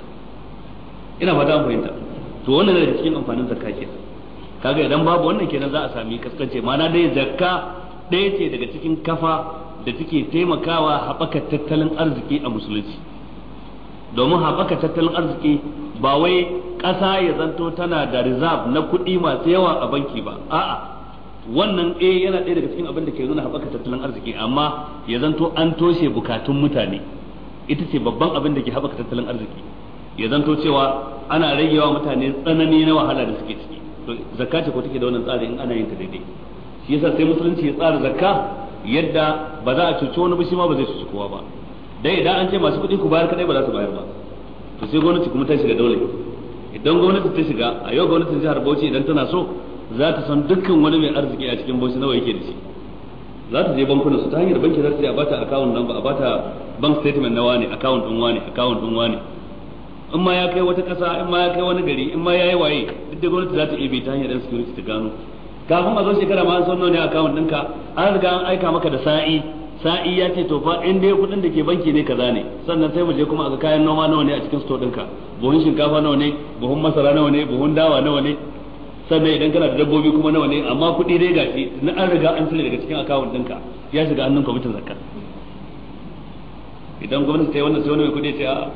ina fata an fahimta to wannan daga cikin amfanin zakka ke kaga idan babu wannan kenan za a sami kaskance ma'ana dai zakka ɗaya ce daga cikin kafa da take taimakawa haɓaka tattalin arziki a musulunci domin haɓaka tattalin arziki ba wai ƙasa ya zanto tana da reserve na kuɗi masu yawa a banki ba a'a wannan a eh yana ɗaya daga cikin abin da ke nuna haɓaka tattalin arziki amma ya zanto an toshe bukatun mutane ita ce babban abin da ke haɓaka tattalin arziki ya zanto cewa ana ragewa mutane tsanani na wahala da suke ciki to zakka ce ko take da wannan tsari in ana yin ta daidai shi yasa sai musulunci ya tsara zakka yadda ba za a cuci wani ba shi ma ba zai cuci kowa ba dai idan an ce masu kuɗi ku bayar kadai ba za su bayar ba to sai gwamnati kuma ta shiga dole idan gwamnati ta shiga a yau gwamnatin jihar Bauchi idan tana so za ta san dukkan wani mai arziki a cikin Bauchi nawa yake da shi za ta je bankuna su ta hanyar banki za ta je a bata account number a bata bank statement na wani account din wani account din wani in ma ya kai wata kasa in ma ya kai wani gari in ma ya yi waye duk da gwamnati za ta iya ta hanyar security ta gano kafin a zo shekara ma an san nawa ne account ɗinka an riga an aika maka da sa'i sa'i ya ce to fa in dai kudin da ke banki ne kaza ne sannan sai mu je kuma a ga kayan noma nawa ne a cikin store ɗinka buhun shinkafa nawa ne buhun masara nawa ne buhun dawa nawa ne sannan idan kana da dabbobi kuma nawa ne amma kudi dai gashi na an riga an cire daga cikin akawun ɗinka ya shiga hannun kwamitin zakka idan gwamnati ta yi wannan sai wani mai kuɗi ce a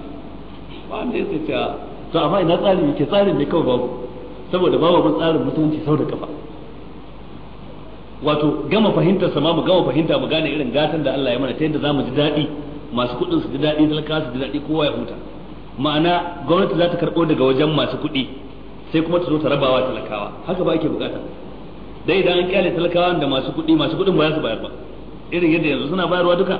ba ne sai ce a to amma ina tsarin yake tsarin ne kawai babu saboda babu tsarin mutunci sau da kafa wato gama fahimtar sama mu gama fahimta mu gane irin gatan da Allah ya mana ta yadda zamu ji daɗi masu kudin su ji daɗi talaka su ji daɗi kowa ya huta ma'ana gwamnati za ta karbo daga wajen masu kuɗi sai kuma ta zo ta rabawa talakawa haka ba ake bukata dai idan an kyale talakawa da masu kuɗi masu kuɗin ba za su bayar ba irin yadda yanzu suna bayarwa duka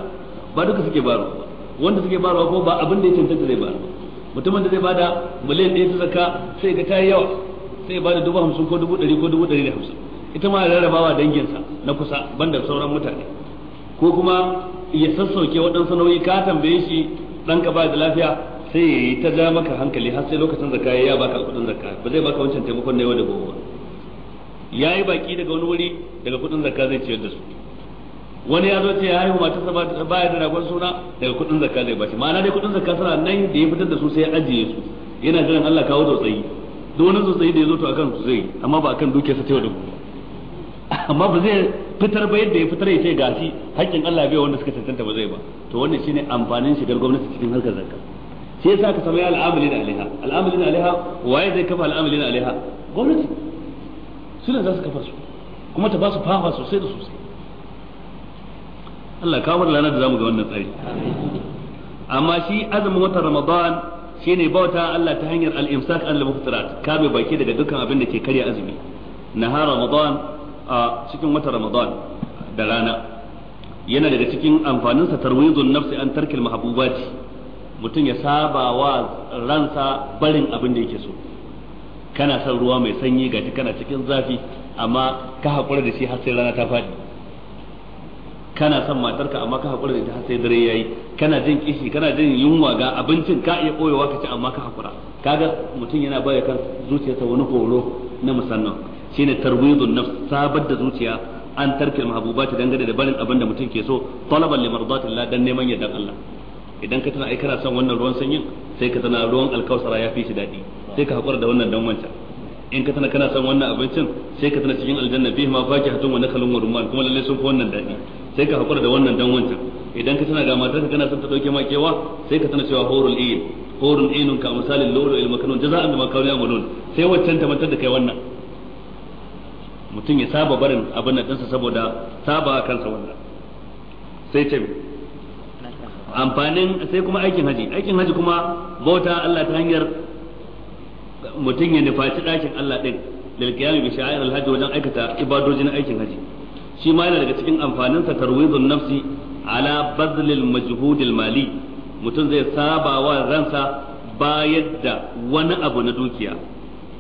ba duka suke bayarwa wanda suke bayarwa ko ba abin da ya cancanta zai bayar mutumin da zai bada miliyan ɗaya ta zaka sai ga ta yawa sai ya bada dubu hamsin ko dubu ɗari ko dubu ɗari da hamsin ita ma rarrabawa danginsa na kusa banda sauran mutane ko kuma ya sassauke waɗansu nauyi ka tambaye shi ɗanka ba da lafiya sai ya yi ta ja maka hankali har sai lokacin zakka ya baka kuɗin zakka ba zai baka wancan taimakon na yau da gobe ya yi baki daga wani wuri daga kuɗin zakka zai ciyar da su wani ya zo ce ya haihu matarsa ba ya da ragon suna daga kuɗin zakka zai bashi ma'ana dai kuɗin zakka suna nan da ya fitar da su sai ya ajiye su yana jiran Allah kawo tsautsayi duk wani tsautsayi da ya zo to akan su zai amma ba akan dukiyarsa ta yau da gobe amma ba zai fitar ba yadda ya fitar ya ce gashi haƙƙin Allah bai wanda suka tantanta ba zai ba to wannan shine amfanin shigar gwamnati cikin harkar zakka Sai yasa ka samu al'amalin alaiha al'amalin alaiha waye zai kafa al'amalin alaiha gwamnati su ne za su kafa su kuma ta ba su fafa sosai da sosai Allah kawo mana lana da zamu ga wannan tsari amma shi azumin watan Ramadan shine bauta Allah ta hanyar al-imsak an al-muftarat kame baki daga dukkan abin da ke karya azumi nahar Ramadan a cikin wata ramadan da rana yana daga cikin amfaninsa tarwizun nafsi an tarkil mahabubati mutum ya saba wa ransa barin abin da yake so kana son ruwa mai sanyi gashi kana cikin zafi amma ka haƙura da shi har sai rana ta faɗi kana son matarka amma ka haƙura da ita har sai dare yayi kana jin kishi kana jin yunwa ga abincin ka iya koyewa ka ci amma ka haƙura kaga mutum yana baya kan zuciyarsa wani horo na musamman shine tarwidun nafs sabar da zuciya an tarkil mahbubati dangane da barin abin da mutum ke so talaban li mardatillah dan neman yardan Allah idan ka tana ai kana son wannan ruwan sanyin sai ka tana ruwan alkausara ya fi shi daɗi sai ka haƙura da wannan dan wancan in ka tana kana son wannan abincin sai ka tana cikin aljanna fi ma faki hatun wa nakalun wa rumman kuma lalle sun fi wannan daɗi sai ka haƙura da wannan dan wancan idan ka tana ga matar ka kana son ta dauke ma kewa sai ka tana cewa horul iyin horul iyinun ka misalin lolo il makanun jaza'an da makawli amalun sai waccan ta mantar da kai wannan mutum ya saba barin abin nan ɗinsa saboda saba kansa wannan sai ce amfanin sai kuma aikin haji aikin haji kuma bauta Allah ta hanyar mutum ya nufaci ɗakin Allah ɗin da qiyam bi sha'ir alhaji wajen aikata ibadoji na aikin haji shi ma yana daga cikin amfanin sa tarwizun nafsi ala bazlil majhudil mali mutum zai saba wa ransa bayar da wani abu na dukiya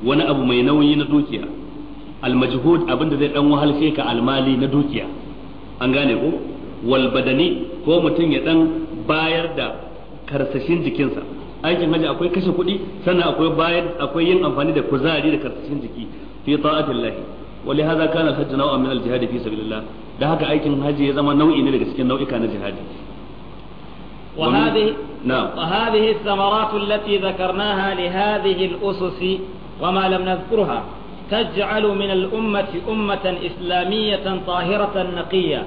wani abu mai nauyi na dukiya almajhud abinda zai dan wahalshe ka almali na dukiya an gane ko wal badani ko mutum ya dan bayar da karsashin jikinsa aikin haji akwai kashe kuɗi sannan akwai bayar akwai yin amfani da kuzari da karsashin jiki fi ta'atillahi ولهذا كان الحج نوعا من الجهاد في fi الله da haka aikin haji ya zama nau'i ne daga cikin nau'ika na jihadi وهذه نعم وهذه الثمرات التي ذكرناها لهذه الأسس وما لم نذكرها تجعل من الأمة أمة إسلامية طاهرة نقية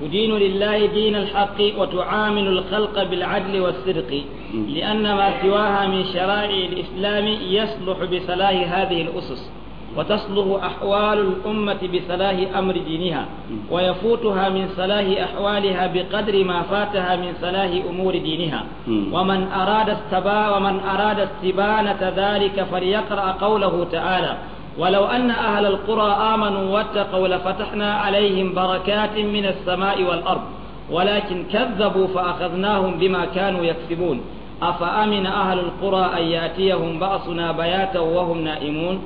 تدين لله دين الحق وتعامل الخلق بالعدل والصدق لأن ما سواها من شرائع الإسلام يصلح بصلاح هذه الأسس وتصلح أحوال الأمة بصلاح أمر دينها ويفوتها من صلاح أحوالها بقدر ما فاتها من صلاح أمور دينها ومن أراد استبا ومن أراد استبانة ذلك فليقرأ قوله تعالى ولو أن أهل القرى آمنوا واتقوا لفتحنا عليهم بركات من السماء والأرض ولكن كذبوا فأخذناهم بما كانوا يكسبون أفأمن أهل القرى أن يأتيهم بأسنا بياتا وهم نائمون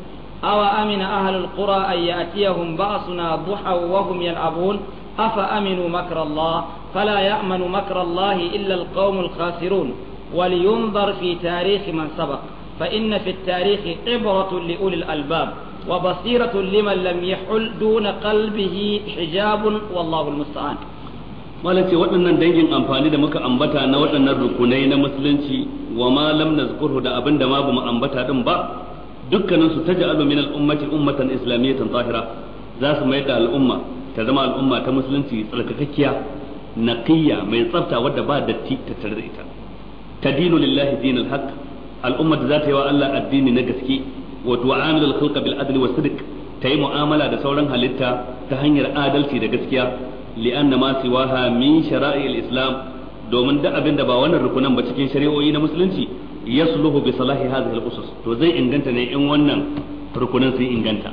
أو أمن أهل القرى أن يأتيهم بأسنا ضحى وهم يلعبون أفأمنوا مكر الله فلا يأمن مكر الله إلا القوم الخاسرون ولينظر في تاريخ من سبق فإن في التاريخ عبرة لأولي الألباب وبصيرة لمن لم يحل دون قلبه حجاب والله المستعان malance waɗannan dangin amfani da muka ambata na waɗannan rukunai na musulunci wa ma lam nazkurhu da abinda da ma bamu ambata din ba dukkanin su taj'alu min al-ummati ummatan islamiyatan zahira za su mai da al'umma ta zama al'umma ta musulunci tsarkakakkiya naqiyya mai tsafta wadda ba datti tattare da ita tadinu lillahi dinul haqq al'ummar da za ta yi wa Allah addini na gaske wato wa amilul khalqa bil adli was sidq ta yi mu'amala da sauran halitta ta hanyar adalci da gaskiya li'anna ma siwaha min islam domin duk abin da ba wannan rukunan ba cikin shari'o'i na musulunci yasluhu bi salahi hadhihi al-usus to zai inganta ne in wannan rukunan sun inganta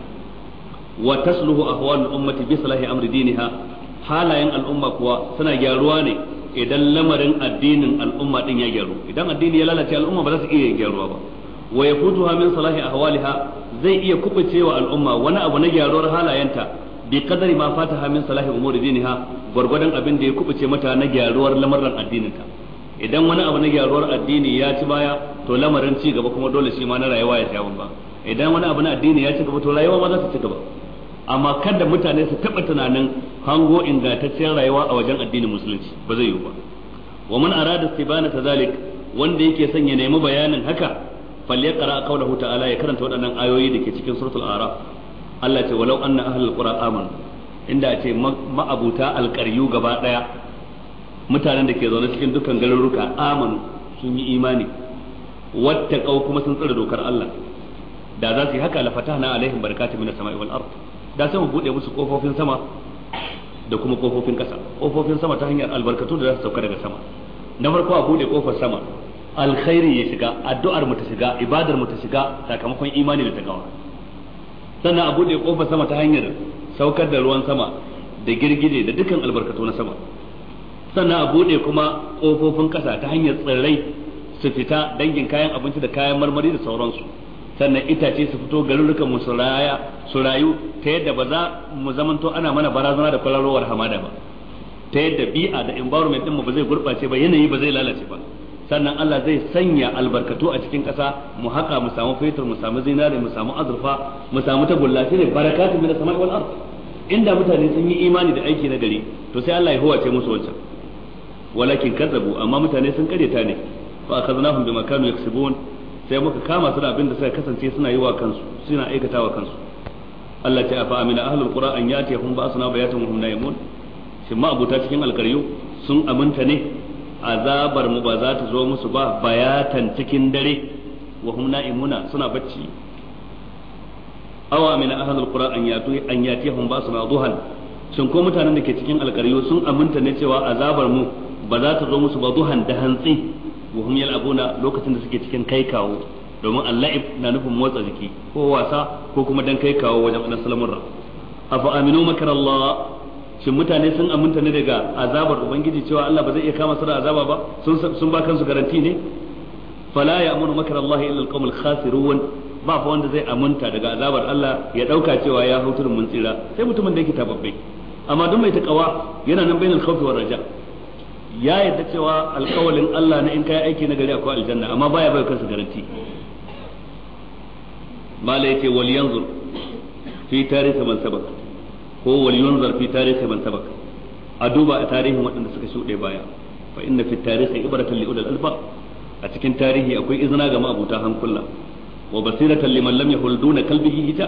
wa tasluhu ahwal al-ummati bi salahi amri diniha halayen al'umma kuwa suna gyaruwa ne idan lamarin addinin al'umma din ya gyaru idan addini ya lalace al'umma ba za su iya gyaruwa ba wa hutu min salahi ahwaliha zai iya kubucewa al'umma wani abu na gyaruwar halayenta bi kadari ma fataha min salahi umuri diniha gwargwadon abin da ya kubuce mata na gyaruwar lamarin addininta idan wani abu na gyaruwar addini ya ci baya to lamarin ci gaba kuma dole shi ma na rayuwa ya ci ba idan wani abu na addini ya ci gaba to rayuwa ma za ta ci gaba amma kada mutane su taɓa tunanin hango ingantacciyar rayuwa a wajen addinin musulunci ba zai yiwu ba wa man arada istibana tazalik wanda yake son ya nemi bayanin haka falyaqra qawluhu ta'ala ya karanta waɗannan ayoyi da ke cikin suratul araf Allah ce walau anna ahlul qura amanu inda ce ma'abuta alqaryu gaba daya mutanen da ke zaune cikin dukkan garuruka Aman sun yi imani wattaqau kuma sun tsare dokar Allah da za su yi haka la fatahna alaihim barakatun minas sama'i wal ard da sai mu bude musu kofofin sama da kuma kofofin kasa kofofin sama ta hanyar albarkatu da za su sauka daga sama na farko a bude kofar sama alkhairi ya shiga addu'ar mu ta shiga ibadar mu ta shiga sakamakon imani da takawa sannan a bude kofar sama ta hanyar saukar da ruwan sama da girgije da dukkan albarkatu na sama sannan a bude kuma kofofin kasa ta hanyar tsirrai su fita dangin kayan abinci da kayan marmari da sauransu sannan itace su fito garurrukan mu su rayu ta yadda ba za mu zamanto ana mana barazana da kwararowar hamada ba ta yadda bi'a da environment din mu ba zai gurɓace ba yanayi ba zai lalace ba sannan Allah zai sanya albarkatu a cikin ƙasa mu haƙa mu samu fetur mu samu zinare mu samu azurfa mu samu tagulla shine barakatun min samai wal ard inda mutane sun yi imani da aiki na gari to sai Allah ya huwace musu wancan walakin kazzabu amma mutane sun ta ne fa akhadnahum bima kanu yaksubun sai muka kama su da abin da suka kasance suna yi wa kansu suna aikata wa kansu Allah ta afa amina ahlul qura an yatihum ba'suna bayatan wa hum naimun shin ma abuta cikin alkaryu sun aminta ne azabar mu ba za ta zo musu ba bayatan cikin dare wa hum naimuna suna bacci awa min ahlul qura an yatu an yatihum suna duhan shin ko mutanen da ke cikin alkaryu sun aminta ne cewa azabar mu ba za ta zo musu ba duhan da hantsi wa hum yal'abuna lokacin da suke cikin kai kawo domin al-la'ib na nufin motsa jiki ko wasa ko kuma dan kai kawo wajen annabi sallallahu afa aminu makarallah shin mutane sun aminta ne daga azabar ubangiji cewa Allah ba zai iya kama su da azaba ba sun sun ba kansu garanti ne fala ya'munu makarallah illa al-qawmul khasirun ba fa wanda zai aminta daga azabar Allah ya dauka cewa ya hutun mun tsira sai mutumin da yake tababbe amma duk mai takawa yana nan bainal khawfi war raja' ya yadda cewa alkawalin Allah na in kai aiki na gari akwai aljanna amma baya bai kansa garanti mala yace wal yanzur fi tarihi man sabak ko wal yanzur fi tarihi man sabak a duba a tarihin waɗanda suka shuɗe baya fa inna fi tarihi ibratan li ulul albab a cikin tarihi akwai izina ga ma'abuta hankula wa basiratan liman lam yahul duna kalbihi hita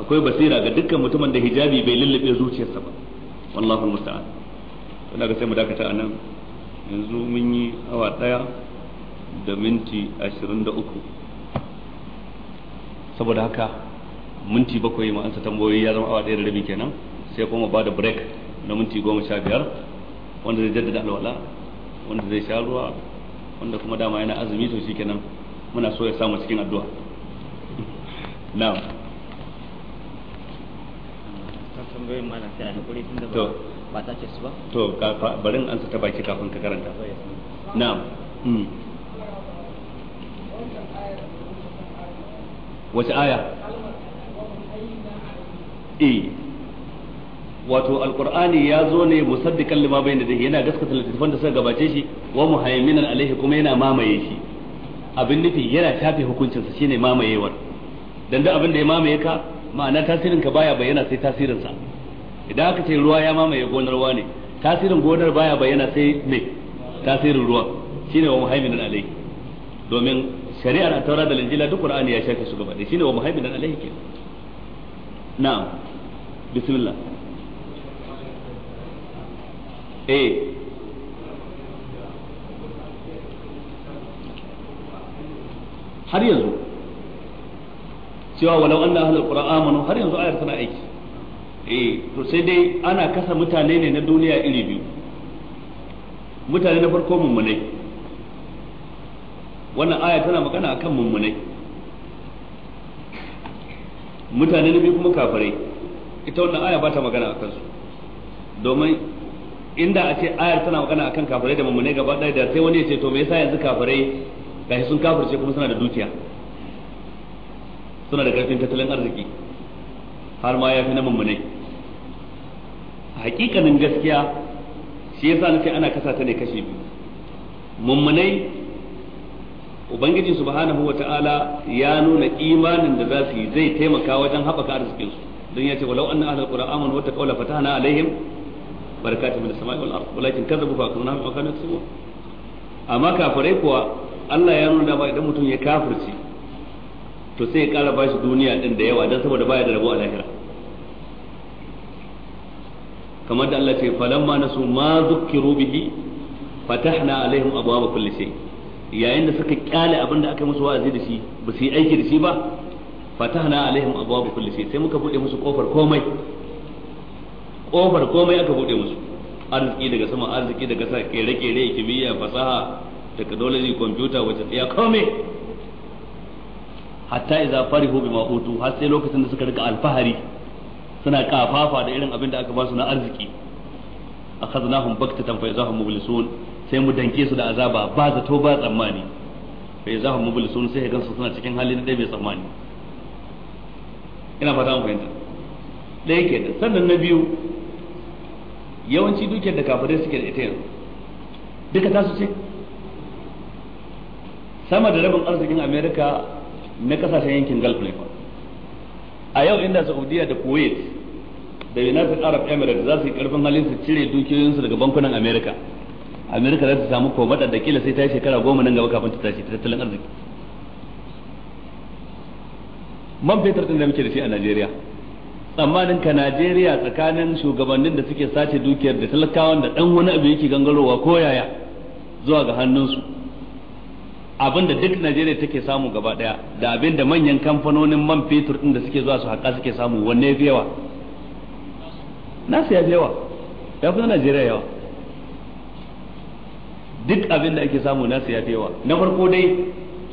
akwai basira ga dukkan mutumin da hijabi bai lullube zuciyarsa ba wallahu musta'an ina ga sai mu dakata anan yanzu mun yi awa daya da minti ashirin da uku saboda haka minti bakwai ma ansa tambayoyi ya zama awa daya da rabi kenan sai kuma ba da break na minti goma sha biyar wanda zai jaddada alwala wanda zai sha ruwa wanda kuma dama yana azumi to shikenan muna so ya samu cikin addu'a na'am tambayoyin sai a hakuri tun da ba ba ta ce su ba to bari in ansa ta baki kafin ka karanta oh, na'am hmm. wace aya e wato alqur'ani ya zo ne musaddiqan lima bayna da yana gaskata littafin da suka gabace shi wa muhaiminan alaihi kuma yana mamaye shi abin nufi yana shafe hukuncinsa shine mamayewar dan da abin da ya mamaye ka ma'ana tasirin ka baya bayyana sai tasirin sa idan aka ce ruwa ya mamaye gonar wane tasirin gonar baya bayyana sai me tasirin ruwa shine wa muhaiminan alai domin shari'ar a taura da linjila duk qur'ani ya shafe su gaba da shine wa muhaiminan alai ke na'am bismillah eh har yanzu cewa walau anna ahlul qur'an amanu har yanzu ayar tana aiki eh to sai dai ana kasa mutane ne na duniya iri biyu mutane na farko mummunai wannan aya tana magana akan mummunai mutane na biyu kuma kafirai ita wannan aya ba ta magana akan su domin inda a ce ayar tana magana akan kafirai da mummunai gaba ɗaya da sai wani ya ce to me yasa yanzu kafirai gashi sun kafirce kuma suna da dukiya suna da karfin tattalin arziki har ma ya fi na mummunai hakikanin gaskiya shi yasa nace ana kasa ta ne kashi biyu mummunai ubangiji subhanahu wata'ala ya nuna imanin da za su yi zai taimaka wajen haɓaka arzikin su don ya ce walau anna ahlul qur'an amanu taqawla fatahna alaihim barakatun min as-sama'i wal ard walakin kadzabu fa kunna ma kana yasmun amma kafirai kuwa Allah ya nuna ba idan mutum ya kafirci to sai ya kara bashi duniya din da yawa dan saboda baya da rabo a lahira kamar da Allah ce falamma nasu ma zukkiru bihi fatahna alaihim abwaba kulli shay yayin da suka kyale abin da aka musu wa'azi da shi ba su yi aiki da shi ba fatahna alaihim abwaba kulli shay sai muka bude musu kofar komai kofar komai aka bude musu arziki daga sama arziki daga sa kere-kere kimiyya fasaha technology computer wacce ya komai hatta idza farihu bima utu har sai lokacin da suka rika alfahari suna kafafa da irin abin da aka ba su na arziki a akhadnahum baktatan fa izahum mublisun sai mu danke su da azaba ba zato ba tsammani fa izahum mublisun sai ga suna cikin hali na dai bai tsammani ina fata an fahimta ɗaya da sannan na biyu yawanci dukiyar da kafirai suke da ita yanzu duka tasu ce sama da rabin arzikin amerika na kasashen yankin gulf ne fa a yau inda Saudiya da Kuwait da United Arab Emirates za su yi karfin halin su cire dukiyoyinsu daga bankunan America America za ta samu komada da kila sai ta shekara goma nan gaba kafin ta tashi ta tattalin arziki man fetur din da muke da shi a Najeriya tsammanin ka Najeriya tsakanin shugabannin da suke sace dukiyar da talakawan da dan wani abu yake gangarowa ko yaya zuwa ga hannunsu abin da duk Najeriya take samu gaba daya da abin da manyan kamfanonin man fetur din da suke zuwa su haƙa suke samu wanne ya fi yawa nasu ya fi yawa ya fi Najeriya yawa duk abin da ake samu nasu ya fi yawa na farko dai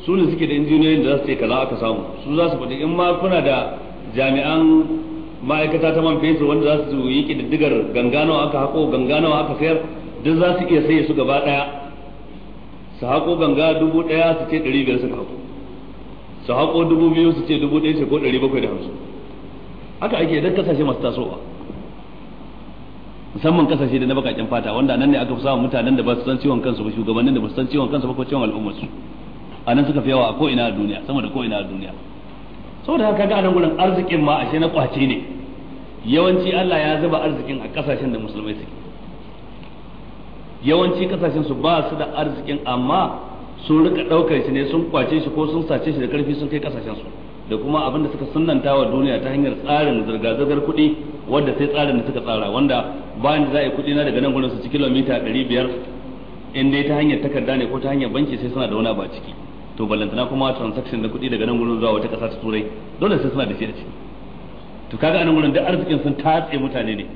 su ne suke da injiniyoyin da za su ce kaza aka samu su za su faɗi in ma kuna da jami'an ma'aikata ta man fetur wanda za su yi ƙididdigar gangano aka haƙo gangano aka sayar duk za su iya saye su gaba daya su haƙo ganga dubu ɗaya su ce ɗari biyar suka haƙo su haƙo dubu biyu su ce dubu ɗaya ko ɗari bakwai da hamsin haka ake dan kasashe masu tasowa musamman kasashe da na bakakin fata wanda nan ne aka fi samun mutanen da ba su san ciwon kansu ba shugabannin da ba su san ciwon kansu ba ko ciwon al'ummar su a nan suka fi yawa a ko ina a duniya sama da ko ina a duniya saboda haka ga nan gurin arzikin ma ashe na kwace ne yawanci Allah ya zuba arzikin a kasashen da musulmai suke yawanci kasashen su ba su da arzikin amma sun rika daukar shi ne sun kwace shi ko sun sace shi da karfi sun kai kasashen su da kuma abin da suka sunanta wa duniya ta hanyar tsarin zirga-zirgar kuɗi wanda sai tsarin da suka tsara wanda bayan da za a yi kuɗi na daga nan gudun su ci kilomita 500 in dai ta hanyar takarda ne ko ta hanyar banki sai suna da wani ba ciki to ballantana kuma transaction da kuɗi daga nan gudun zuwa wata ƙasa ta turai dole sai suna da shi a ciki to kaga anan gudun duk arzikin sun tatse mutane ne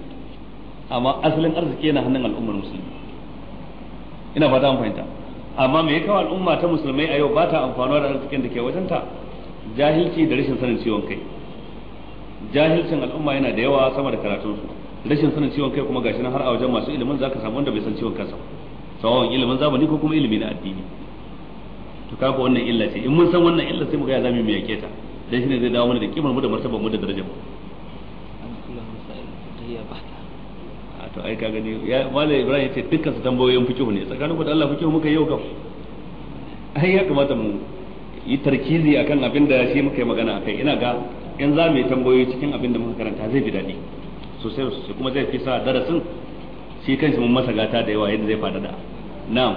amma asalin arziki yana hannun al'ummar musulmi ina fata an fahimta amma me ya kawo al'umma ta musulmai a yau ba ta amfanuwa da arzikin da ke wajenta jahilci da rashin sanin ciwon kai jahilcin al'umma yana da yawa sama da karatunsu rashin sanin ciwon kai kuma gashi nan har a wajen masu ilimin zaka samu wanda bai san ciwon kansa sawawan ilimin zamani ko kuma ilimi na addini to kafa wannan illa ce in mun san wannan illa sai mu ga ya zamu mu yake ta dan shine zai dawo mana da kimar mu da martaba mu da darajar mu to ai ka gani ya malai ibrahim yace dukkan su tambayoyin fikihu ne tsakanin ku da Allah fikihu muka yau kam ai ya kamata mu yi tarkizi akan abin da shi muka yi magana akai ina ga in za mu yi tambayoyi cikin abin da muka karanta zai bi daɗi sosai sosai kuma zai fi sa darasin shi kanshi mun masa gata da yawa yadda zai faɗaɗa na'am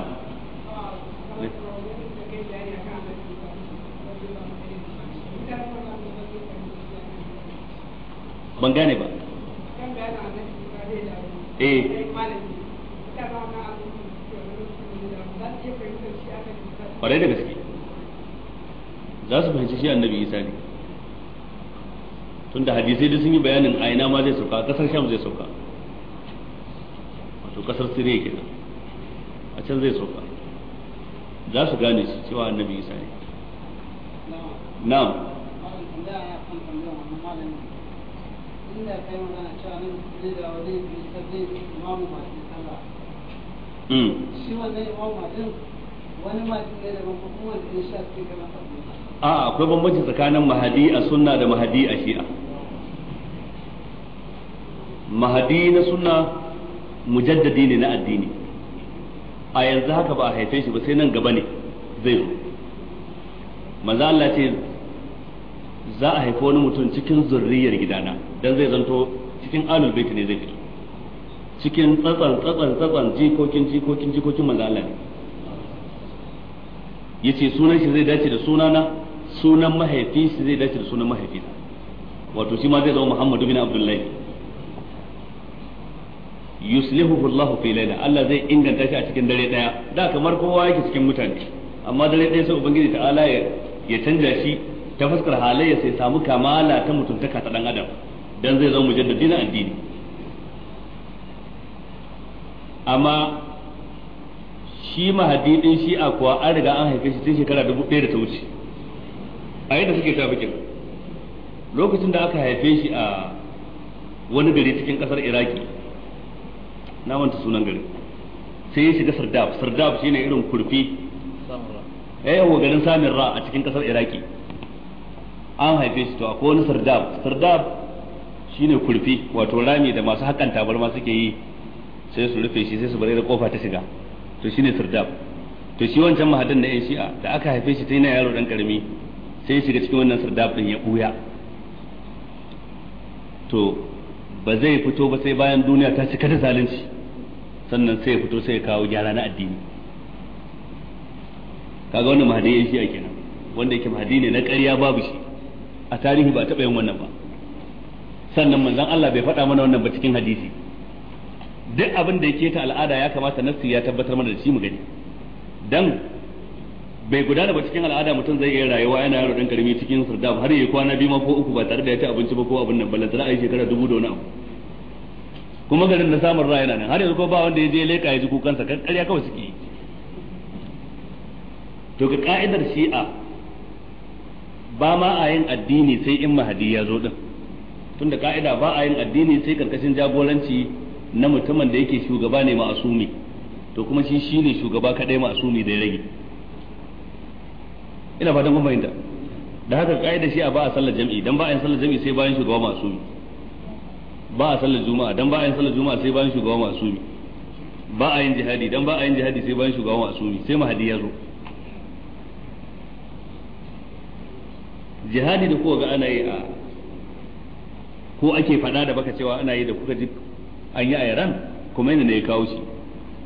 ban gane ba eh kwarai da gaske za su fahimci shi annabi isa ne tunda hadisai da sun yi bayanin a ina ma zai sauka a kasar sham zai sauka wato kasar siriya kenan a can zai sauka za su gane shi cewa annabi isa ne na'am a mm. akwai bambanci tsakanin mahadi a sunna da mahadi a shi'a mahadi na sunna mujaddadi ne na addini a yanzu haka ba a haife shi ba sai nan gaba ne zai zo maza Allah ce za a haifi wani mutum cikin zurriyar gidana dan zai zanto cikin alul baiti ne zai fito cikin tsatsan tsatsan tsatsan jikokin jikokin jikokin manzo Allah ne yace sunan shi zai dace da sunana sunan mahaifi shi zai dace da sunan mahaifina wato shi ma zai zama Muhammadu bin Abdullahi yuslihuhu Allahu fi layla Allah zai inganta shi a cikin dare daya da kamar kowa yake cikin mutane amma dare daya sai ubangiji ta'ala ya ya canja shi ta fuskar halayya sai samu kamala ta mutuntaka ta dan adam dan zai zama mujaddadi na addini amma shi mahadi din a kuwa an riga an haife shi tun shekara dubu ɗaya da ta wuce a yadda suke sa bikin lokacin da aka haife shi a wani gari cikin ƙasar iraki na wanta sunan gari sai ya shiga sardab sardab shi ne irin kurfi eh, ya yi garin samin ra a cikin ƙasar iraki an haife shi to akwai wani sardab sardab shine kurfi wato rami da masu hakan tabarma suke yi sai su rufe shi sai su bari da kofa ta shiga to shine sirdab to shi wancan mahadin na yan shi'a da aka haife shi tun yana yaro dan karami sai ya shiga cikin wannan sirdab din ya buya to ba zai fito ba sai bayan duniya ta cika da zalunci sannan sai ya fito sai ya kawo gyara na addini kaga wannan mahadin yan shi'a kenan wanda yake mahadi ne na ƙarya babu shi a tarihi ba taɓa yin wannan ba sannan manzon Allah bai faɗa mana wannan ba cikin hadisi duk abin da yake ta al'ada ya kamata nafsi ya tabbatar mana da shi mu gani dan bai gudana ba cikin al'ada mutum zai iya rayuwa yana yaro dan karami cikin surdab har yayi kwana biyu ma ko uku ba tare da ya ci abinci ba ko abin nan balanta za a yi shekara dubu da wani abu kuma garin na samun ra'ayi nan har yanzu ko ba wanda ya je leka ya ji kukansa kan ƙarya kawai suke yi to ga ka'idar shi'a ba ma a yin addini sai in mahadi ya zo din tunda ka'ida ba a yin addini sai karkashin jagoranci na mutumin da yake shugaba ne ma'asumi to kuma shi shine shugaba kadai ma'asumi da ya rage ina fatan kun fahimta da haka ka'ida shi a ba a sallar jami'i dan ba a yin sallar jami'i sai bayan shugaba ma'asumi ba a sallar juma'a dan ba a yin sallar juma'a sai bayan shugaba ma'asumi ba a yin jihadi dan ba a yin jihadi sai bayan shugaba ma'asumi sai mahadi ya zo jihadi da kowa ga ana yi a ko ake faɗa da baka cewa ana yi da kuka ji an yi a Iran kuma yana ne ya kawo shi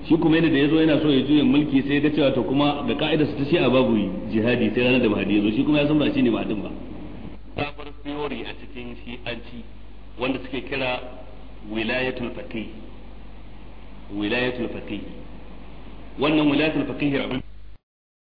shi kuma ne da yazo yana so ya juya mulki sai ga cewa to kuma ga ka'idar su ta shi a babu jihadi sai ranar da mahadi yazo shi kuma ya san ba shi ne mahadin ba sabar theory a cikin shi anci wanda suke kira wilayatul faqih wilayatul faqih wannan wilayatul faqih rabbi